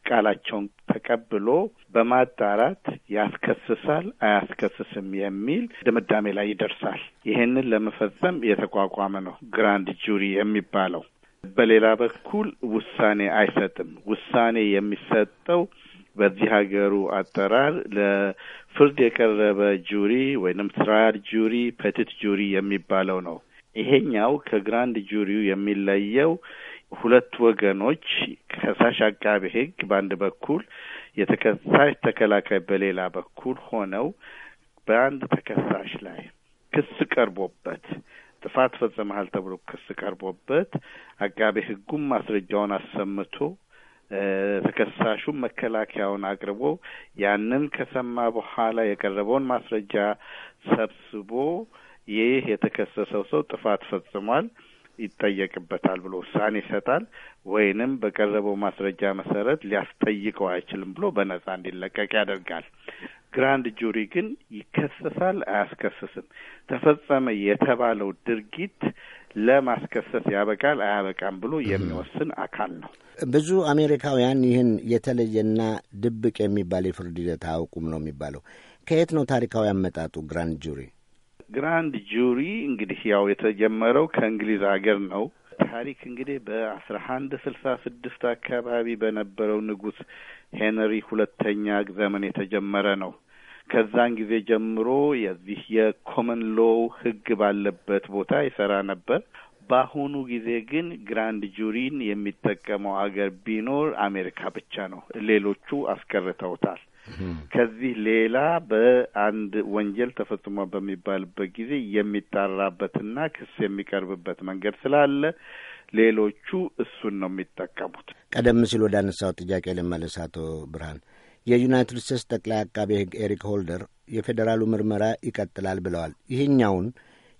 ቃላቸውን ተቀብሎ በማጣራት ያስከስሳል፣ አያስከስስም የሚል ድምዳሜ ላይ ይደርሳል። ይህንን ለመፈጸም የተቋቋመ ነው ግራንድ ጁሪ የሚባለው። በሌላ በኩል ውሳኔ አይሰጥም። ውሳኔ የሚሰጠው በዚህ ሀገሩ አጠራር ለፍርድ የቀረበ ጁሪ ወይንም ትራያል ጁሪ፣ ፐቲት ጁሪ የሚባለው ነው። ይሄኛው ከግራንድ ጁሪው የሚለየው ሁለት ወገኖች ከሳሽ አቃቤ ሕግ በአንድ በኩል የተከሳሽ ተከላካይ በሌላ በኩል ሆነው በአንድ ተከሳሽ ላይ ክስ ቀርቦበት ጥፋት ፈጽመሃል ተብሎ ክስ ቀርቦበት አቃቤ ሕጉም ማስረጃውን አሰምቶ ተከሳሹም መከላከያውን አቅርቦ ያንን ከሰማ በኋላ የቀረበውን ማስረጃ ሰብስቦ ይህ የተከሰሰው ሰው ጥፋት ፈጽሟል ይጠየቅበታል ብሎ ውሳኔ ይሰጣል። ወይንም በቀረበው ማስረጃ መሰረት ሊያስጠይቀው አይችልም ብሎ በነጻ እንዲለቀቅ ያደርጋል። ግራንድ ጁሪ ግን ይከሰሳል አያስከስስም? ተፈጸመ የተባለው ድርጊት ለማስከሰስ ያበቃል አያበቃም ብሎ የሚወስን አካል ነው። ብዙ አሜሪካውያን ይህን የተለየና ድብቅ የሚባል የፍርድ ሂደት አያውቁም ነው የሚባለው። ከየት ነው ታሪካዊ አመጣጡ ግራንድ ጁሪ? ግራንድ ጁሪ እንግዲህ ያው የተጀመረው ከእንግሊዝ ሀገር ነው። ታሪክ እንግዲህ በአስራ አንድ ስልሳ ስድስት አካባቢ በነበረው ንጉስ ሄንሪ ሁለተኛ ዘመን የተጀመረ ነው። ከዛን ጊዜ ጀምሮ የዚህ የኮመን ሎው ህግ ባለበት ቦታ ይሰራ ነበር። በአሁኑ ጊዜ ግን ግራንድ ጁሪን የሚጠቀመው አገር ቢኖር አሜሪካ ብቻ ነው። ሌሎቹ አስቀርተውታል። ከዚህ ሌላ በአንድ ወንጀል ተፈጽሞ በሚባልበት ጊዜ የሚጣራበትና ክስ የሚቀርብበት መንገድ ስላለ ሌሎቹ እሱን ነው የሚጠቀሙት። ቀደም ሲል ወደ አነሳው ጥያቄ ልመለስ። አቶ ብርሃን የዩናይትድ ስቴትስ ጠቅላይ አቃቤ ሕግ ኤሪክ ሆልደር የፌዴራሉ ምርመራ ይቀጥላል ብለዋል። ይህኛውን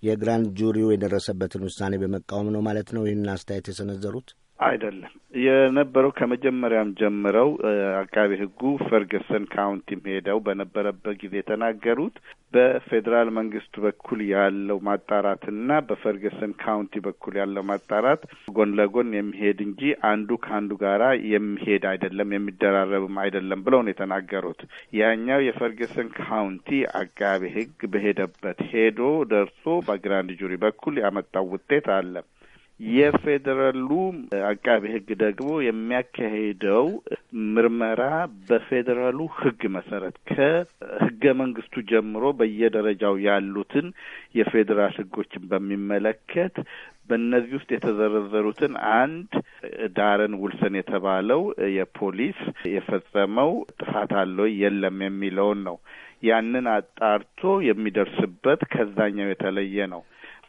የግራንድ ጁሪው የደረሰበትን ውሳኔ በመቃወም ነው ማለት ነው ይህን አስተያየት የሰነዘሩት? አይደለም የነበረው ከመጀመሪያም ጀምረው አቃቤ ሕጉ ፈርገሰን ካውንቲም ሄደው በነበረበት ጊዜ የተናገሩት በፌዴራል መንግስት በኩል ያለው ማጣራትና በፈርገሰን ካውንቲ በኩል ያለው ማጣራት ጎን ለጎን የሚሄድ እንጂ አንዱ ከአንዱ ጋራ የሚሄድ አይደለም፣ የሚደራረብም አይደለም ብለው ነው የተናገሩት። ያኛው የፈርገሰን ካውንቲ አቃቤ ሕግ በሄደበት ሄዶ ደርሶ በግራንድ ጁሪ በኩል ያመጣው ውጤት አለ። የፌዴራሉ አቃቢ ህግ ደግሞ የሚያካሄደው ምርመራ በፌዴራሉ ህግ መሰረት ከህገ መንግስቱ ጀምሮ በየደረጃው ያሉትን የፌዴራል ህጎችን በሚመለከት በእነዚህ ውስጥ የተዘረዘሩትን አንድ ዳረን ውልሰን የተባለው የፖሊስ የፈጸመው ጥፋት አለው የለም የሚለውን ነው። ያንን አጣርቶ የሚደርስበት ከዛኛው የተለየ ነው።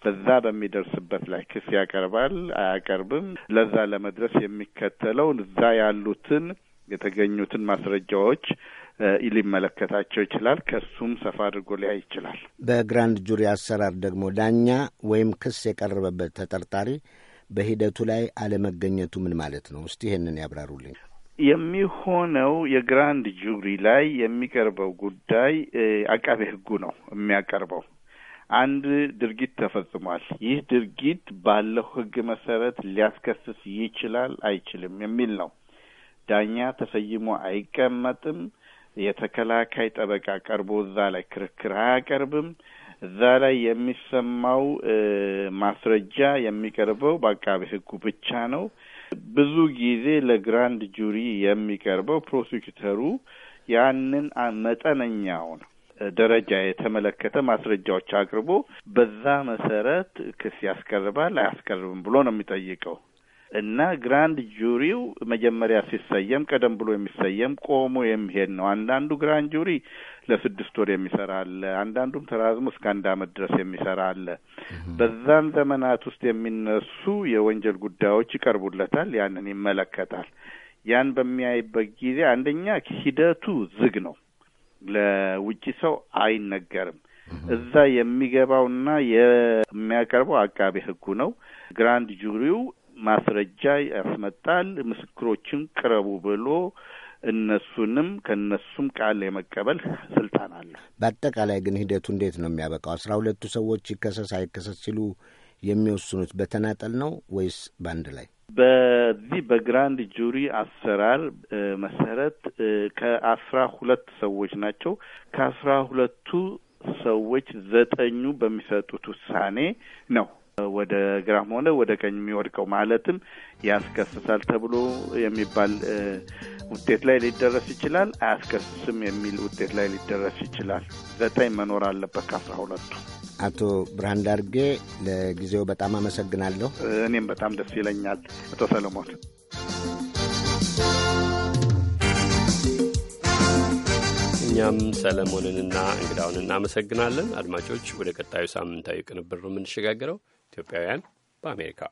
በዛ በሚደርስበት ላይ ክስ ያቀርባል አያቀርብም፣ ለዛ ለመድረስ የሚከተለው እዛ ያሉትን የተገኙትን ማስረጃዎች ሊመለከታቸው ይችላል። ከሱም ሰፋ አድርጎ ሊያይ ይችላል። በግራንድ ጁሪ አሰራር ደግሞ ዳኛ ወይም ክስ የቀረበበት ተጠርጣሪ በሂደቱ ላይ አለመገኘቱ ምን ማለት ነው? እስቲ ይህንን ያብራሩልኝ። የሚሆነው የግራንድ ጁሪ ላይ የሚቀርበው ጉዳይ አቃቤ ሕጉ ነው የሚያቀርበው አንድ ድርጊት ተፈጽሟል። ይህ ድርጊት ባለው ህግ መሰረት ሊያስከስስ ይችላል አይችልም የሚል ነው። ዳኛ ተሰይሞ አይቀመጥም። የተከላካይ ጠበቃ ቀርቦ እዛ ላይ ክርክር አያቀርብም። እዛ ላይ የሚሰማው ማስረጃ የሚቀርበው በአቃቤ ህጉ ብቻ ነው። ብዙ ጊዜ ለግራንድ ጁሪ የሚቀርበው ፕሮሲኪተሩ ያንን መጠነኛው ነው ደረጃ የተመለከተ ማስረጃዎች አቅርቦ በዛ መሰረት ክስ ያስቀርባል አያስቀርብም ብሎ ነው የሚጠይቀው እና ግራንድ ጁሪው መጀመሪያ ሲሰየም ቀደም ብሎ የሚሰየም ቆሞ የሚሄድ ነው። አንዳንዱ ግራንድ ጁሪ ለስድስት ወር የሚሰራ አለ። አንዳንዱም ተራዝሞ እስከ አንድ ዓመት ድረስ የሚሰራ አለ። በዛን ዘመናት ውስጥ የሚነሱ የወንጀል ጉዳዮች ይቀርቡለታል። ያንን ይመለከታል። ያን በሚያይበት ጊዜ አንደኛ ሂደቱ ዝግ ነው። ለውጭ ሰው አይነገርም። እዛ የሚገባውና የሚያቀርበው አቃቢ ህጉ ነው። ግራንድ ጁሪው ማስረጃ ያስመጣል። ምስክሮችን ቅረቡ ብሎ እነሱንም ከእነሱም ቃል የመቀበል ስልጣን አለ። በአጠቃላይ ግን ሂደቱ እንዴት ነው የሚያበቃው? አስራ ሁለቱ ሰዎች ይከሰስ አይከሰስ ሲሉ የሚወስኑት በተናጠል ነው ወይስ በአንድ ላይ? በዚህ በግራንድ ጁሪ አሰራር መሰረት ከአስራ ሁለት ሰዎች ናቸው። ከአስራ ሁለቱ ሰዎች ዘጠኙ በሚሰጡት ውሳኔ ነው ወደ ግራም ሆነ ወደ ቀኝ የሚወድቀው ማለትም ያስከስሳል ተብሎ የሚባል ውጤት ላይ ሊደረስ ይችላል፣ አያስከስስም የሚል ውጤት ላይ ሊደረስ ይችላል። ዘጠኝ መኖር አለበት ከአስራ ሁለቱ። አቶ ብርሃን ዳርጌ ለጊዜው በጣም አመሰግናለሁ። እኔም በጣም ደስ ይለኛል አቶ ሰለሞን። እኛም ሰለሞንንና እንግዳውን እናመሰግናለን። አድማጮች፣ ወደ ቀጣዩ ሳምንታዊ ቅንብር ነው የምንሸጋገረው። ኢትዮጵያውያን በአሜሪካ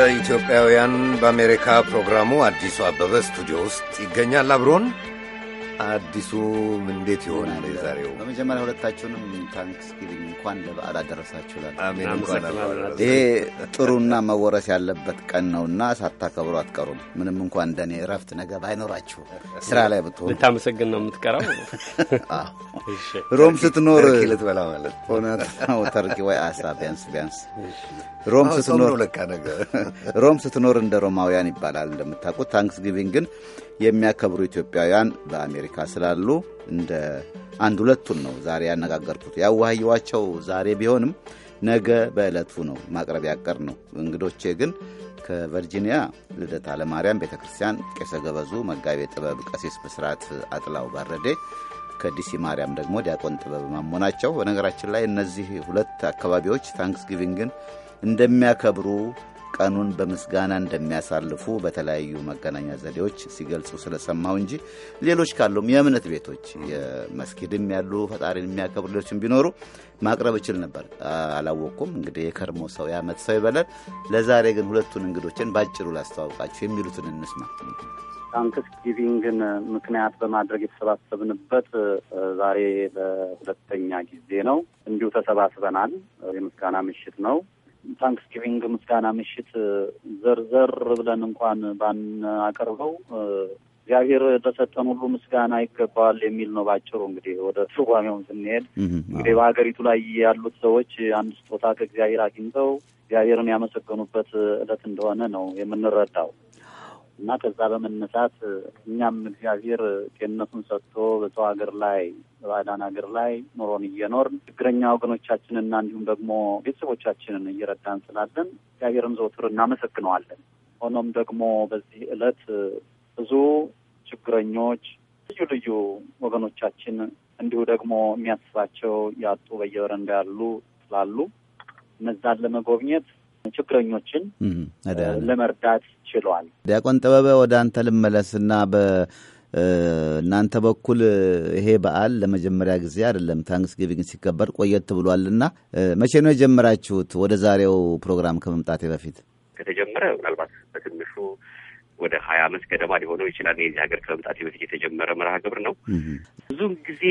ለኢትዮጵያውያን በአሜሪካ ፕሮግራሙ አዲሱ አበበ ስቱዲዮ ውስጥ ይገኛል አብሮን አዲሱ እንዴት ይሆናል የዛሬው? በመጀመሪያ ሁለታችሁንም ታንክስ ጊቪንግ እንኳን ለበዓል አደረሳችሁ። ይሄ ጥሩና መወረስ ያለበት ቀን ነውና ሳታከብሩ አትቀሩም። ምንም እንኳን እንደኔ እረፍት ነገ ባይኖራችሁ ስራ ላይ ብትሆኑ ልታመሰግን ነው የምትቀረው። ሮም ስትኖር ልትበላ ማለት እውነት ነው። ተርኪ ወይ አሳ ቢያንስ ቢያንስ ሮም ስትኖር ነገ ሮም ስትኖር እንደ ሮማውያን ይባላል እንደምታውቁት። ታንክስ ጊቪንግን የሚያከብሩ ኢትዮጵያውያን በአሜሪካ አሜሪካ ስላሉ እንደ አንድ ሁለቱን ነው ዛሬ ያነጋገርኩት። ያዋህየዋቸው ዛሬ ቢሆንም ነገ በዕለቱ ነው ማቅረብ ያቀር ነው። እንግዶቼ ግን ከቨርጂኒያ ልደታ ለማርያም ቤተ ክርስቲያን ቄሰ ገበዙ መጋቤ ጥበብ ቀሲስ ብስራት አጥላው ባረዴ ከዲሲ ማርያም ደግሞ ዲያቆን ጥበብ ማሞ ናቸው። በነገራችን ላይ እነዚህ ሁለት አካባቢዎች ታንክስጊቪንግን እንደሚያከብሩ ቀኑን በምስጋና እንደሚያሳልፉ በተለያዩ መገናኛ ዘዴዎች ሲገልጹ ስለሰማሁ እንጂ ሌሎች ካሉም የእምነት ቤቶች የመስጊድም ያሉ ፈጣሪን የሚያከብሩ ሌሎችም ቢኖሩ ማቅረብ እችል ነበር። አላወቅኩም። እንግዲህ የከርሞ ሰው የአመት ሰው ይበላል። ለዛሬ ግን ሁለቱን እንግዶችን ባጭሩ ላስተዋውቃችሁ የሚሉትን እንስማ። ጊቪንግን ምክንያት በማድረግ የተሰባሰብንበት ዛሬ ለሁለተኛ ጊዜ ነው። እንዲሁ ተሰባስበናል። የምስጋና ምሽት ነው። ታንክስጊቪንግ ምስጋና ምሽት ዘርዘር ብለን እንኳን ባናቀርበው እግዚአብሔር ለሰጠን ሁሉ ምስጋና ይገባዋል የሚል ነው ባጭሩ። እንግዲህ ወደ ትርጓሜውን ስንሄድ እንግዲህ በሀገሪቱ ላይ ያሉት ሰዎች አንድ ስጦታ ከእግዚአብሔር አግኝተው እግዚአብሔርን ያመሰገኑበት ዕለት እንደሆነ ነው የምንረዳው። እና ከዛ በመነሳት እኛም እግዚአብሔር ጤንነቱን ሰጥቶ በሰው ሀገር ላይ በባዕዳን ሀገር ላይ ኑሮን እየኖር ችግረኛ ወገኖቻችንና እንዲሁም ደግሞ ቤተሰቦቻችንን እየረዳን ስላለን እግዚአብሔርን ዘወትር እናመሰግነዋለን። ሆኖም ደግሞ በዚህ ዕለት ብዙ ችግረኞች ልዩ ልዩ ወገኖቻችን እንዲሁ ደግሞ የሚያስባቸው ያጡ በየበረንዳ ያሉ ስላሉ እነዛን ለመጎብኘት ችግረኞችን ለመርዳት ችሏል። ዲያቆን ጥበበ ወደ አንተ ልመለስና እናንተ በኩል ይሄ በዓል ለመጀመሪያ ጊዜ አይደለም፣ ታንክስጊቪንግ ሲከበር ቆየት ብሏልና መቼ ነው የጀመራችሁት? ወደ ዛሬው ፕሮግራም ከመምጣቴ በፊት ከተጀመረ ምናልባት በትንሹ ወደ ሀያ ዓመት ገደማ ሊሆነው ይችላል። የዚህ ሀገር ከመምጣት በፊት የተጀመረ መርሃ ግብር ነው። ብዙም ጊዜ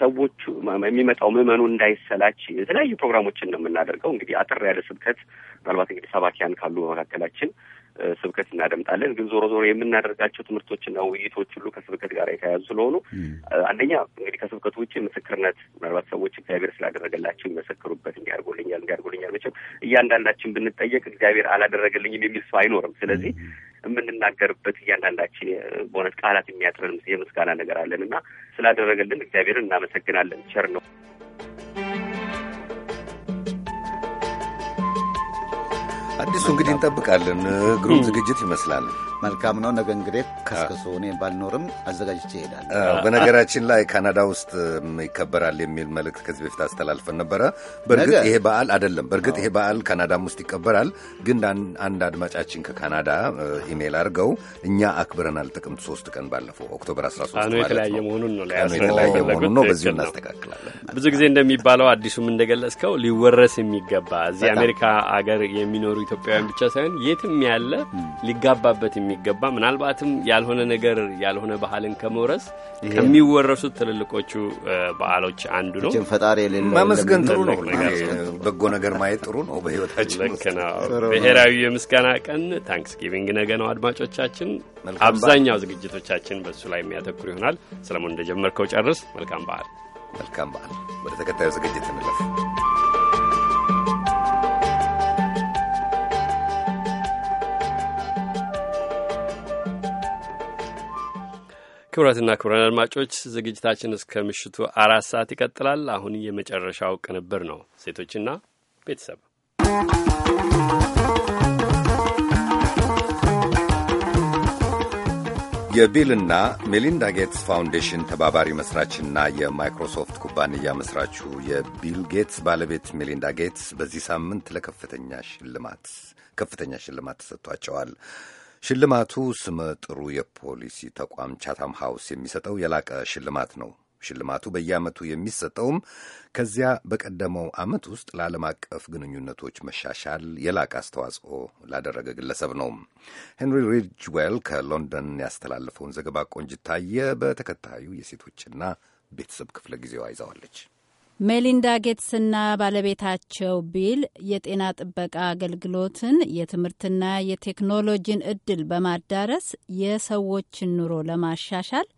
ሰዎቹ የሚመጣው ምዕመኑ እንዳይሰላች የተለያዩ ፕሮግራሞችን ነው የምናደርገው። እንግዲህ አጥር ያለ ስብከት ምናልባት እንግዲህ ሰባኪያን ካሉ መካከላችን ስብከት እናደምጣለን። ግን ዞሮ ዞሮ የምናደርጋቸው ትምህርቶችና ውይይቶች ሁሉ ከስብከት ጋር የተያያዙ ስለሆኑ አንደኛ እንግዲህ ከስብከቱ ውጭ ምስክርነት ምናልባት ሰዎች እግዚአብሔር ስላደረገላቸው ይመሰክሩበት እንዲያርጎልኛል እንዲያርጎልኛል መቼም እያንዳንዳችን ብንጠየቅ እግዚአብሔር አላደረገልኝም የሚል ሰው አይኖርም። ስለዚህ የምንናገርበት እያንዳንዳችን በእውነት ቃላት የሚያጥረን የምስጋና ነገር አለን እና ስላደረገልን እግዚአብሔርን እናመሰግናለን። ቸር ነው። አዲሱ እንግዲህ እንጠብቃለን። ግሩም ዝግጅት ይመስላል። መልካም ነው። ነገ እንግዲህ ከስከሶ እኔ ባልኖርም አዘጋጅቼ ይሄዳል። በነገራችን ላይ ካናዳ ውስጥ ይከበራል የሚል መልእክት ከዚህ በፊት አስተላልፈን ነበረ። በእርግጥ ይሄ በዓል አይደለም። በእርግጥ ይሄ በዓል ካናዳም ውስጥ ይከበራል። ግን አንድ አድማጫችን ከካናዳ ኢሜይል አድርገው እኛ አክብረናል ጥቅምት ሶስት ቀን ባለፈው ኦክቶበር 13 የተለያየ የተለያየ መሆኑን ነው። በዚሁ እናስተካክላለን። ብዙ ጊዜ እንደሚባለው አዲሱም እንደገለጽከው ሊወረስ የሚገባ እዚህ አሜሪካ አገር የሚኖሩ ኢትዮጵያውያን ብቻ ሳይሆን የትም ያለ ሊጋባበት የሚ እንደሚገባ ምናልባትም ያልሆነ ነገር ያልሆነ ባህልን ከመውረስ ከሚወረሱት ትልልቆቹ በዓሎች አንዱ ነው። ፈጣሪ ማመስገን ጥሩ ነው። በጎ ነገር ማየት ጥሩ ነው በሕይወታችን። ብሔራዊ የምስጋና ቀን ታንክስጊቪንግ ነገ ነው። አድማጮቻችን፣ አብዛኛው ዝግጅቶቻችን በእሱ ላይ የሚያተኩር ይሆናል። ሰለሞን እንደጀመርከው ጨርስ። መልካም በዓል። መልካም በዓል። ወደ ተከታዩ ዝግጅት እንለፍ። ክቡራትና ክቡራን አድማጮች ዝግጅታችን እስከ ምሽቱ አራት ሰዓት ይቀጥላል። አሁን የመጨረሻው ቅንብር ነው፣ ሴቶችና ቤተሰብ የቢልና ሜሊንዳ ጌትስ ፋውንዴሽን ተባባሪ መስራችና የማይክሮሶፍት ኩባንያ መስራቹ የቢል ጌትስ ባለቤት ሜሊንዳ ጌትስ በዚህ ሳምንት ለከፍተኛ ሽልማት ከፍተኛ ሽልማት ተሰጥቷቸዋል። ሽልማቱ ስመ ጥሩ የፖሊሲ ተቋም ቻታም ሃውስ የሚሰጠው የላቀ ሽልማት ነው። ሽልማቱ በየዓመቱ የሚሰጠውም ከዚያ በቀደመው ዓመት ውስጥ ለዓለም አቀፍ ግንኙነቶች መሻሻል የላቀ አስተዋጽኦ ላደረገ ግለሰብ ነው። ሄንሪ ሪጅዌል ከሎንደን ያስተላለፈውን ዘገባ ቆንጅታየ በተከታዩ የሴቶችና ቤተሰብ ክፍለ ጊዜዋ ይዘዋለች። ሜሊንዳ ጌትስና ባለቤታቸው ቢል የጤና ጥበቃ አገልግሎትን የትምህርትና የቴክኖሎጂን እድል በማዳረስ የሰዎችን ኑሮ ለማሻሻል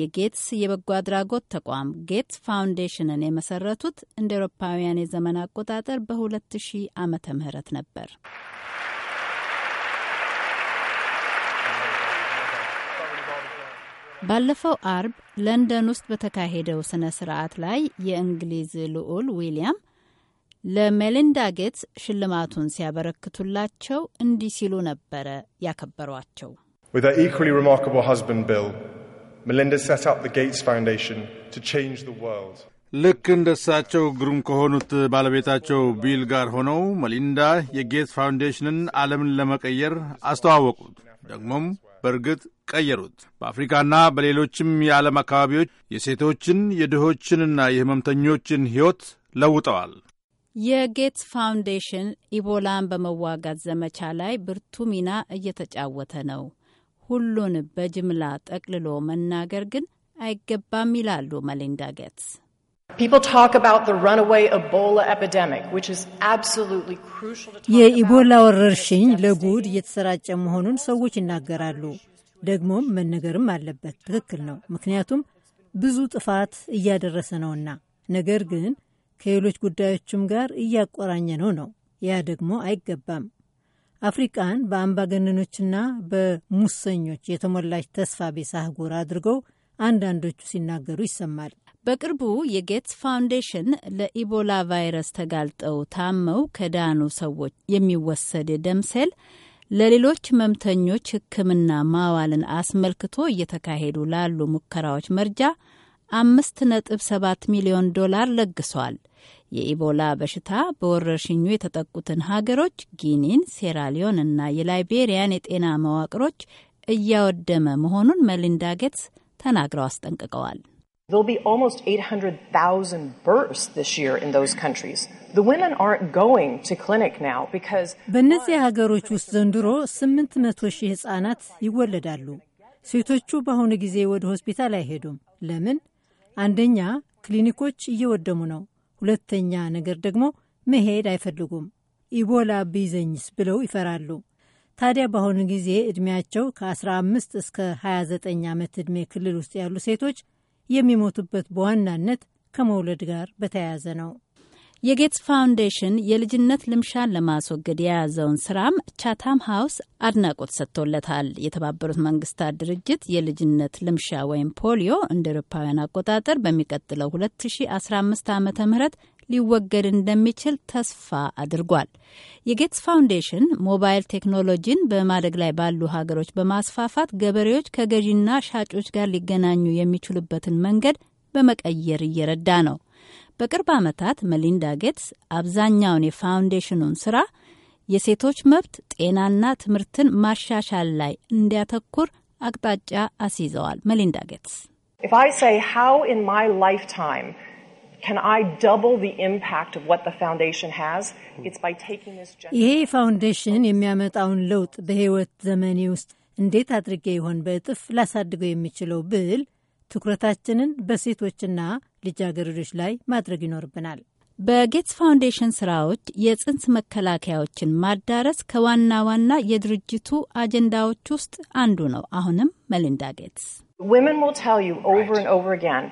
የጌትስ የበጎ አድራጎት ተቋም ጌትስ ፋውንዴሽንን የመሰረቱት እንደ ኤሮፓውያን የዘመን አቆጣጠር በ2000 ዓመተ ምህረት ነበር። ባለፈው አርብ ለንደን ውስጥ በተካሄደው ስነ ስርዓት ላይ የእንግሊዝ ልዑል ዊሊያም ለሜሊንዳ ጌትስ ሽልማቱን ሲያበረክቱላቸው እንዲህ ሲሉ ነበረ ያከበሯቸው። ልክ እንደ እሳቸው ግሩም ከሆኑት ባለቤታቸው ቢል ጋር ሆነው መሊንዳ የጌትስ ፋውንዴሽንን ዓለምን ለመቀየር አስተዋወቁት። ደግሞም በእርግጥ ቀየሩት። በአፍሪካና በሌሎችም የዓለም አካባቢዎች የሴቶችን የድሆችንና የህመምተኞችን ሕይወት ለውጠዋል። የጌትስ ፋውንዴሽን ኢቦላን በመዋጋት ዘመቻ ላይ ብርቱ ሚና እየተጫወተ ነው። ሁሉን በጅምላ ጠቅልሎ መናገር ግን አይገባም ይላሉ መሊንዳ ጌትስ። የኢቦላ ወረርሽኝ ለጉድ እየተሰራጨ መሆኑን ሰዎች ይናገራሉ። ደግሞም መነገርም አለበት። ትክክል ነው፣ ምክንያቱም ብዙ ጥፋት እያደረሰ ነውና። ነገር ግን ከሌሎች ጉዳዮችም ጋር እያቆራኘ ነው ነው። ያ ደግሞ አይገባም። አፍሪቃን በአምባገነኖችና በሙሰኞች የተሞላች ተስፋ ቢስ አህጉር አድርገው አንዳንዶቹ ሲናገሩ ይሰማል። በቅርቡ የጌትስ ፋውንዴሽን ለኢቦላ ቫይረስ ተጋልጠው ታመው ከዳኑ ሰዎች የሚወሰድ የደም ሴል ለሌሎች ህመምተኞች ሕክምና ማዋልን አስመልክቶ እየተካሄዱ ላሉ ሙከራዎች መርጃ አምስት ነጥብ ሰባት ሚሊዮን ዶላር ለግሷል። የኢቦላ በሽታ በወረርሽኙ የተጠቁትን ሀገሮች ጊኒን፣ ሴራሊዮን እና የላይቤሪያን የጤና መዋቅሮች እያወደመ መሆኑን መሊንዳ ጌትስ ተናግረው አስጠንቅቀዋል። There'll be almost 800,000 births this year in those countries. The women aren't going to clinic now because በእነዚህ ሀገሮች ውስጥ ዘንድሮ 800 ሺህ ህጻናት ይወለዳሉ። ሴቶቹ በአሁኑ ጊዜ ወደ ሆስፒታል አይሄዱም። ለምን? አንደኛ ክሊኒኮች እየወደሙ ነው፣ ሁለተኛ ነገር ደግሞ መሄድ አይፈልጉም። ኢቦላ ቢይዘኝስ ብለው ይፈራሉ። ታዲያ በአሁኑ ጊዜ ዕድሜያቸው ከ15 እስከ 29 ዓመት ዕድሜ ክልል ውስጥ ያሉ ሴቶች የሚሞቱበት በዋናነት ከመውለድ ጋር በተያያዘ ነው። የጌትስ ፋውንዴሽን የልጅነት ልምሻን ለማስወገድ የያዘውን ስራም ቻታም ሀውስ አድናቆት ሰጥቶለታል። የተባበሩት መንግስታት ድርጅት የልጅነት ልምሻ ወይም ፖሊዮ እንደ አውሮፓውያን አቆጣጠር በሚቀጥለው 2015 ዓ ም ሊወገድ እንደሚችል ተስፋ አድርጓል። የጌትስ ፋውንዴሽን ሞባይል ቴክኖሎጂን በማደግ ላይ ባሉ ሀገሮች በማስፋፋት ገበሬዎች ከገዢና ሻጮች ጋር ሊገናኙ የሚችሉበትን መንገድ በመቀየር እየረዳ ነው። በቅርብ ዓመታት መሊንዳ ጌትስ አብዛኛውን የፋውንዴሽኑን ስራ የሴቶች መብት፣ ጤናና ትምህርትን ማሻሻል ላይ እንዲያተኩር አቅጣጫ አስይዘዋል። መሊንዳ ጌትስ can I double the impact of what the foundation has? It's by taking this ይሄ ፋውንዴሽን የሚያመጣውን ለውጥ በህይወት ዘመኔ ውስጥ እንዴት አድርጌ ይሆን በእጥፍ ላሳድገው የሚችለው ብል ትኩረታችንን በሴቶችና ልጃገረዶች ላይ ማድረግ ይኖርብናል። በጌትስ ፋውንዴሽን ስራዎች የጽንስ መከላከያዎችን ማዳረስ ከዋና ዋና የድርጅቱ አጀንዳዎች ውስጥ አንዱ ነው። አሁንም መሊንዳ ጌትስ Women will tell you over and over again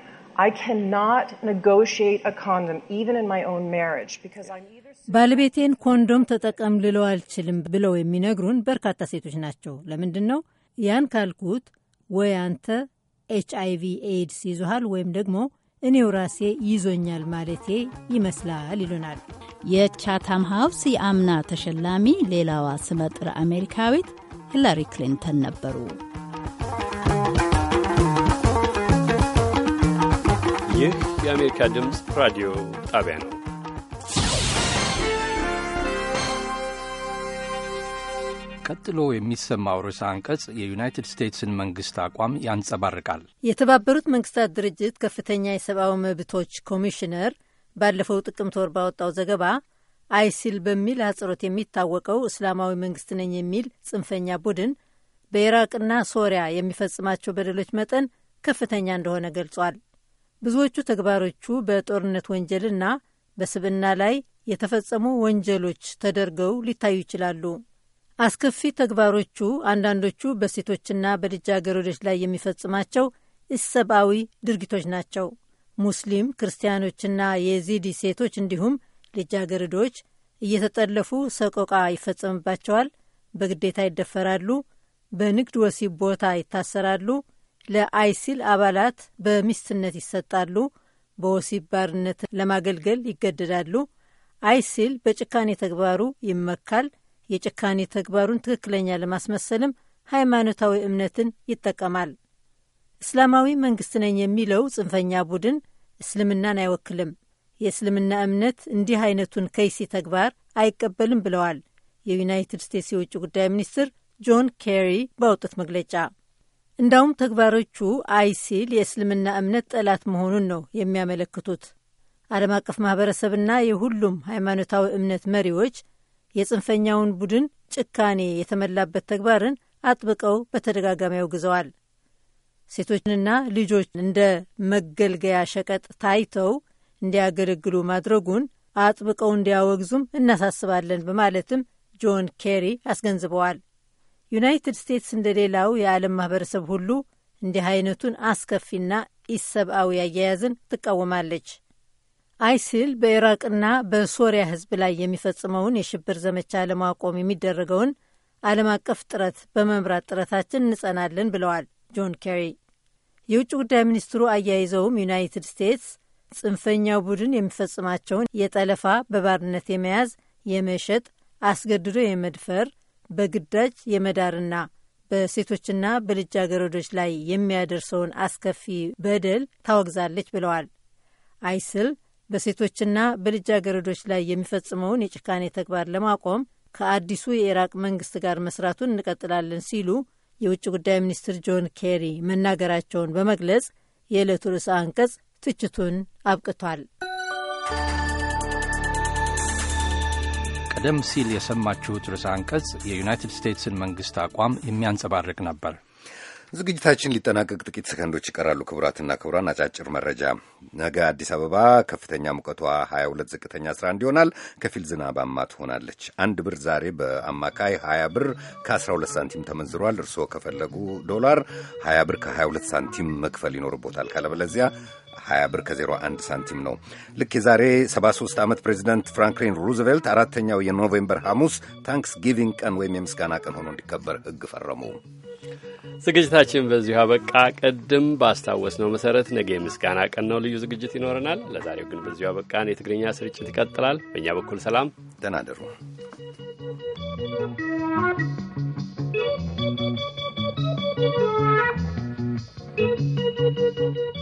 ባለቤቴን ኮንዶም ተጠቀም ልለው አልችልም ብለው የሚነግሩን በርካታ ሴቶች ናቸው። ለምንድን ነው ያን ካልኩት፣ ወይ አንተ ኤች አይ ቪ ኤድስ ይዞሃል ወይም ደግሞ እኔው ራሴ ይዞኛል ማለቴ ይመስላል ይሉናል። የቻታም ሀውስ የአምና ተሸላሚ ሌላዋ ስመጥር አሜሪካዊት ሂላሪ ክሊንተን ነበሩ። ይህ የአሜሪካ ድምፅ ራዲዮ ጣቢያ ነው። ቀጥሎ የሚሰማው ርዕሰ አንቀጽ የዩናይትድ ስቴትስን መንግስት አቋም ያንጸባርቃል። የተባበሩት መንግስታት ድርጅት ከፍተኛ የሰብአዊ መብቶች ኮሚሽነር ባለፈው ጥቅምት ወር ባወጣው ዘገባ አይሲል በሚል አጽሮት የሚታወቀው እስላማዊ መንግስት ነኝ የሚል ጽንፈኛ ቡድን በኢራቅና ሶሪያ የሚፈጽማቸው በደሎች መጠን ከፍተኛ እንደሆነ ገልጿል። ብዙዎቹ ተግባሮቹ በጦርነት ወንጀልና በስብና ላይ የተፈጸሙ ወንጀሎች ተደርገው ሊታዩ ይችላሉ። አስከፊ ተግባሮቹ አንዳንዶቹ በሴቶችና በልጃገረዶች ላይ የሚፈጽማቸው ኢሰብአዊ ድርጊቶች ናቸው። ሙስሊም ክርስቲያኖችና የዚዲ ሴቶች እንዲሁም ልጃገረዶች እየተጠለፉ ሰቆቃ ይፈጸምባቸዋል፣ በግዴታ ይደፈራሉ፣ በንግድ ወሲብ ቦታ ይታሰራሉ፣ ለአይሲል አባላት በሚስትነት ይሰጣሉ፣ በወሲብ ባርነት ለማገልገል ይገደዳሉ። አይሲል በጭካኔ ተግባሩ ይመካል። የጭካኔ ተግባሩን ትክክለኛ ለማስመሰልም ሃይማኖታዊ እምነትን ይጠቀማል። እስላማዊ መንግስት ነኝ የሚለው ጽንፈኛ ቡድን እስልምናን አይወክልም። የእስልምና እምነት እንዲህ አይነቱን ከይሲ ተግባር አይቀበልም ብለዋል የዩናይትድ ስቴትስ የውጭ ጉዳይ ሚኒስትር ጆን ኬሪ ባወጡት መግለጫ። እንዳውም ተግባሮቹ አይሲል የእስልምና እምነት ጠላት መሆኑን ነው የሚያመለክቱት። ዓለም አቀፍ ማህበረሰብና የሁሉም ሃይማኖታዊ እምነት መሪዎች የጽንፈኛውን ቡድን ጭካኔ የተመላበት ተግባርን አጥብቀው በተደጋጋሚ አውግዘዋል። ሴቶችንና ልጆች እንደ መገልገያ ሸቀጥ ታይተው እንዲያገለግሉ ማድረጉን አጥብቀው እንዲያወግዙም እናሳስባለን በማለትም ጆን ኬሪ አስገንዝበዋል። ዩናይትድ ስቴትስ እንደሌላው የዓለም ማህበረሰብ ሁሉ እንዲህ አይነቱን አስከፊና ኢሰብአዊ አያያዝን ትቃወማለች። አይሲል በኢራቅና በሶሪያ ህዝብ ላይ የሚፈጽመውን የሽብር ዘመቻ ለማቆም የሚደረገውን ዓለም አቀፍ ጥረት በመምራት ጥረታችን እንጸናለን ብለዋል ጆን ኬሪ። የውጭ ጉዳይ ሚኒስትሩ አያይዘውም ዩናይትድ ስቴትስ ጽንፈኛው ቡድን የሚፈጽማቸውን የጠለፋ፣ በባርነት የመያዝ፣ የመሸጥ፣ አስገድዶ የመድፈር በግዳጅ የመዳርና በሴቶችና በልጃገረዶች ላይ የሚያደርሰውን አስከፊ በደል ታወግዛለች ብለዋል። አይስል በሴቶችና በልጃገረዶች ላይ የሚፈጽመውን የጭካኔ ተግባር ለማቆም ከአዲሱ የኢራቅ መንግስት ጋር መስራቱን እንቀጥላለን ሲሉ የውጭ ጉዳይ ሚኒስትር ጆን ኬሪ መናገራቸውን በመግለጽ የዕለቱ ርዕሰ አንቀጽ ትችቱን አብቅቷል። ቀደም ሲል የሰማችሁት ርዕሰ አንቀጽ የዩናይትድ ስቴትስን መንግሥት አቋም የሚያንጸባርቅ ነበር። ዝግጅታችን ሊጠናቀቅ ጥቂት ሰከንዶች ይቀራሉ። ክቡራትና ክቡራን፣ አጫጭር መረጃ። ነገ አዲስ አበባ ከፍተኛ ሙቀቷ 22፣ ዝቅተኛ 11 ይሆናል። ከፊል ዝናባማ ትሆናለች። አንድ ብር ዛሬ በአማካይ 20 ብር ከ12 ሳንቲም ተመንዝሯል። እርስዎ ከፈለጉ ዶላር 20 ብር ከ22 ሳንቲም መክፈል ይኖርቦታል። ካለበለዚያ 20 ብር ከ01 ሳንቲም ነው። ልክ የዛሬ 73 ዓመት ፕሬዚደንት ፍራንክሊን ሩዝቬልት አራተኛው የኖቬምበር ሐሙስ ታንክስ ጊቪንግ ቀን ወይም የምስጋና ቀን ሆኖ እንዲከበር ሕግ ፈረሙ። ዝግጅታችን በዚሁ አበቃ። ቅድም ባስታወስ ነው መሰረት ነገ የምስጋና ቀን ነው፣ ልዩ ዝግጅት ይኖረናል። ለዛሬው ግን በዚሁ አበቃን። የትግርኛ ስርጭት ይቀጥላል። በእኛ በኩል ሰላም፣ ደህና you.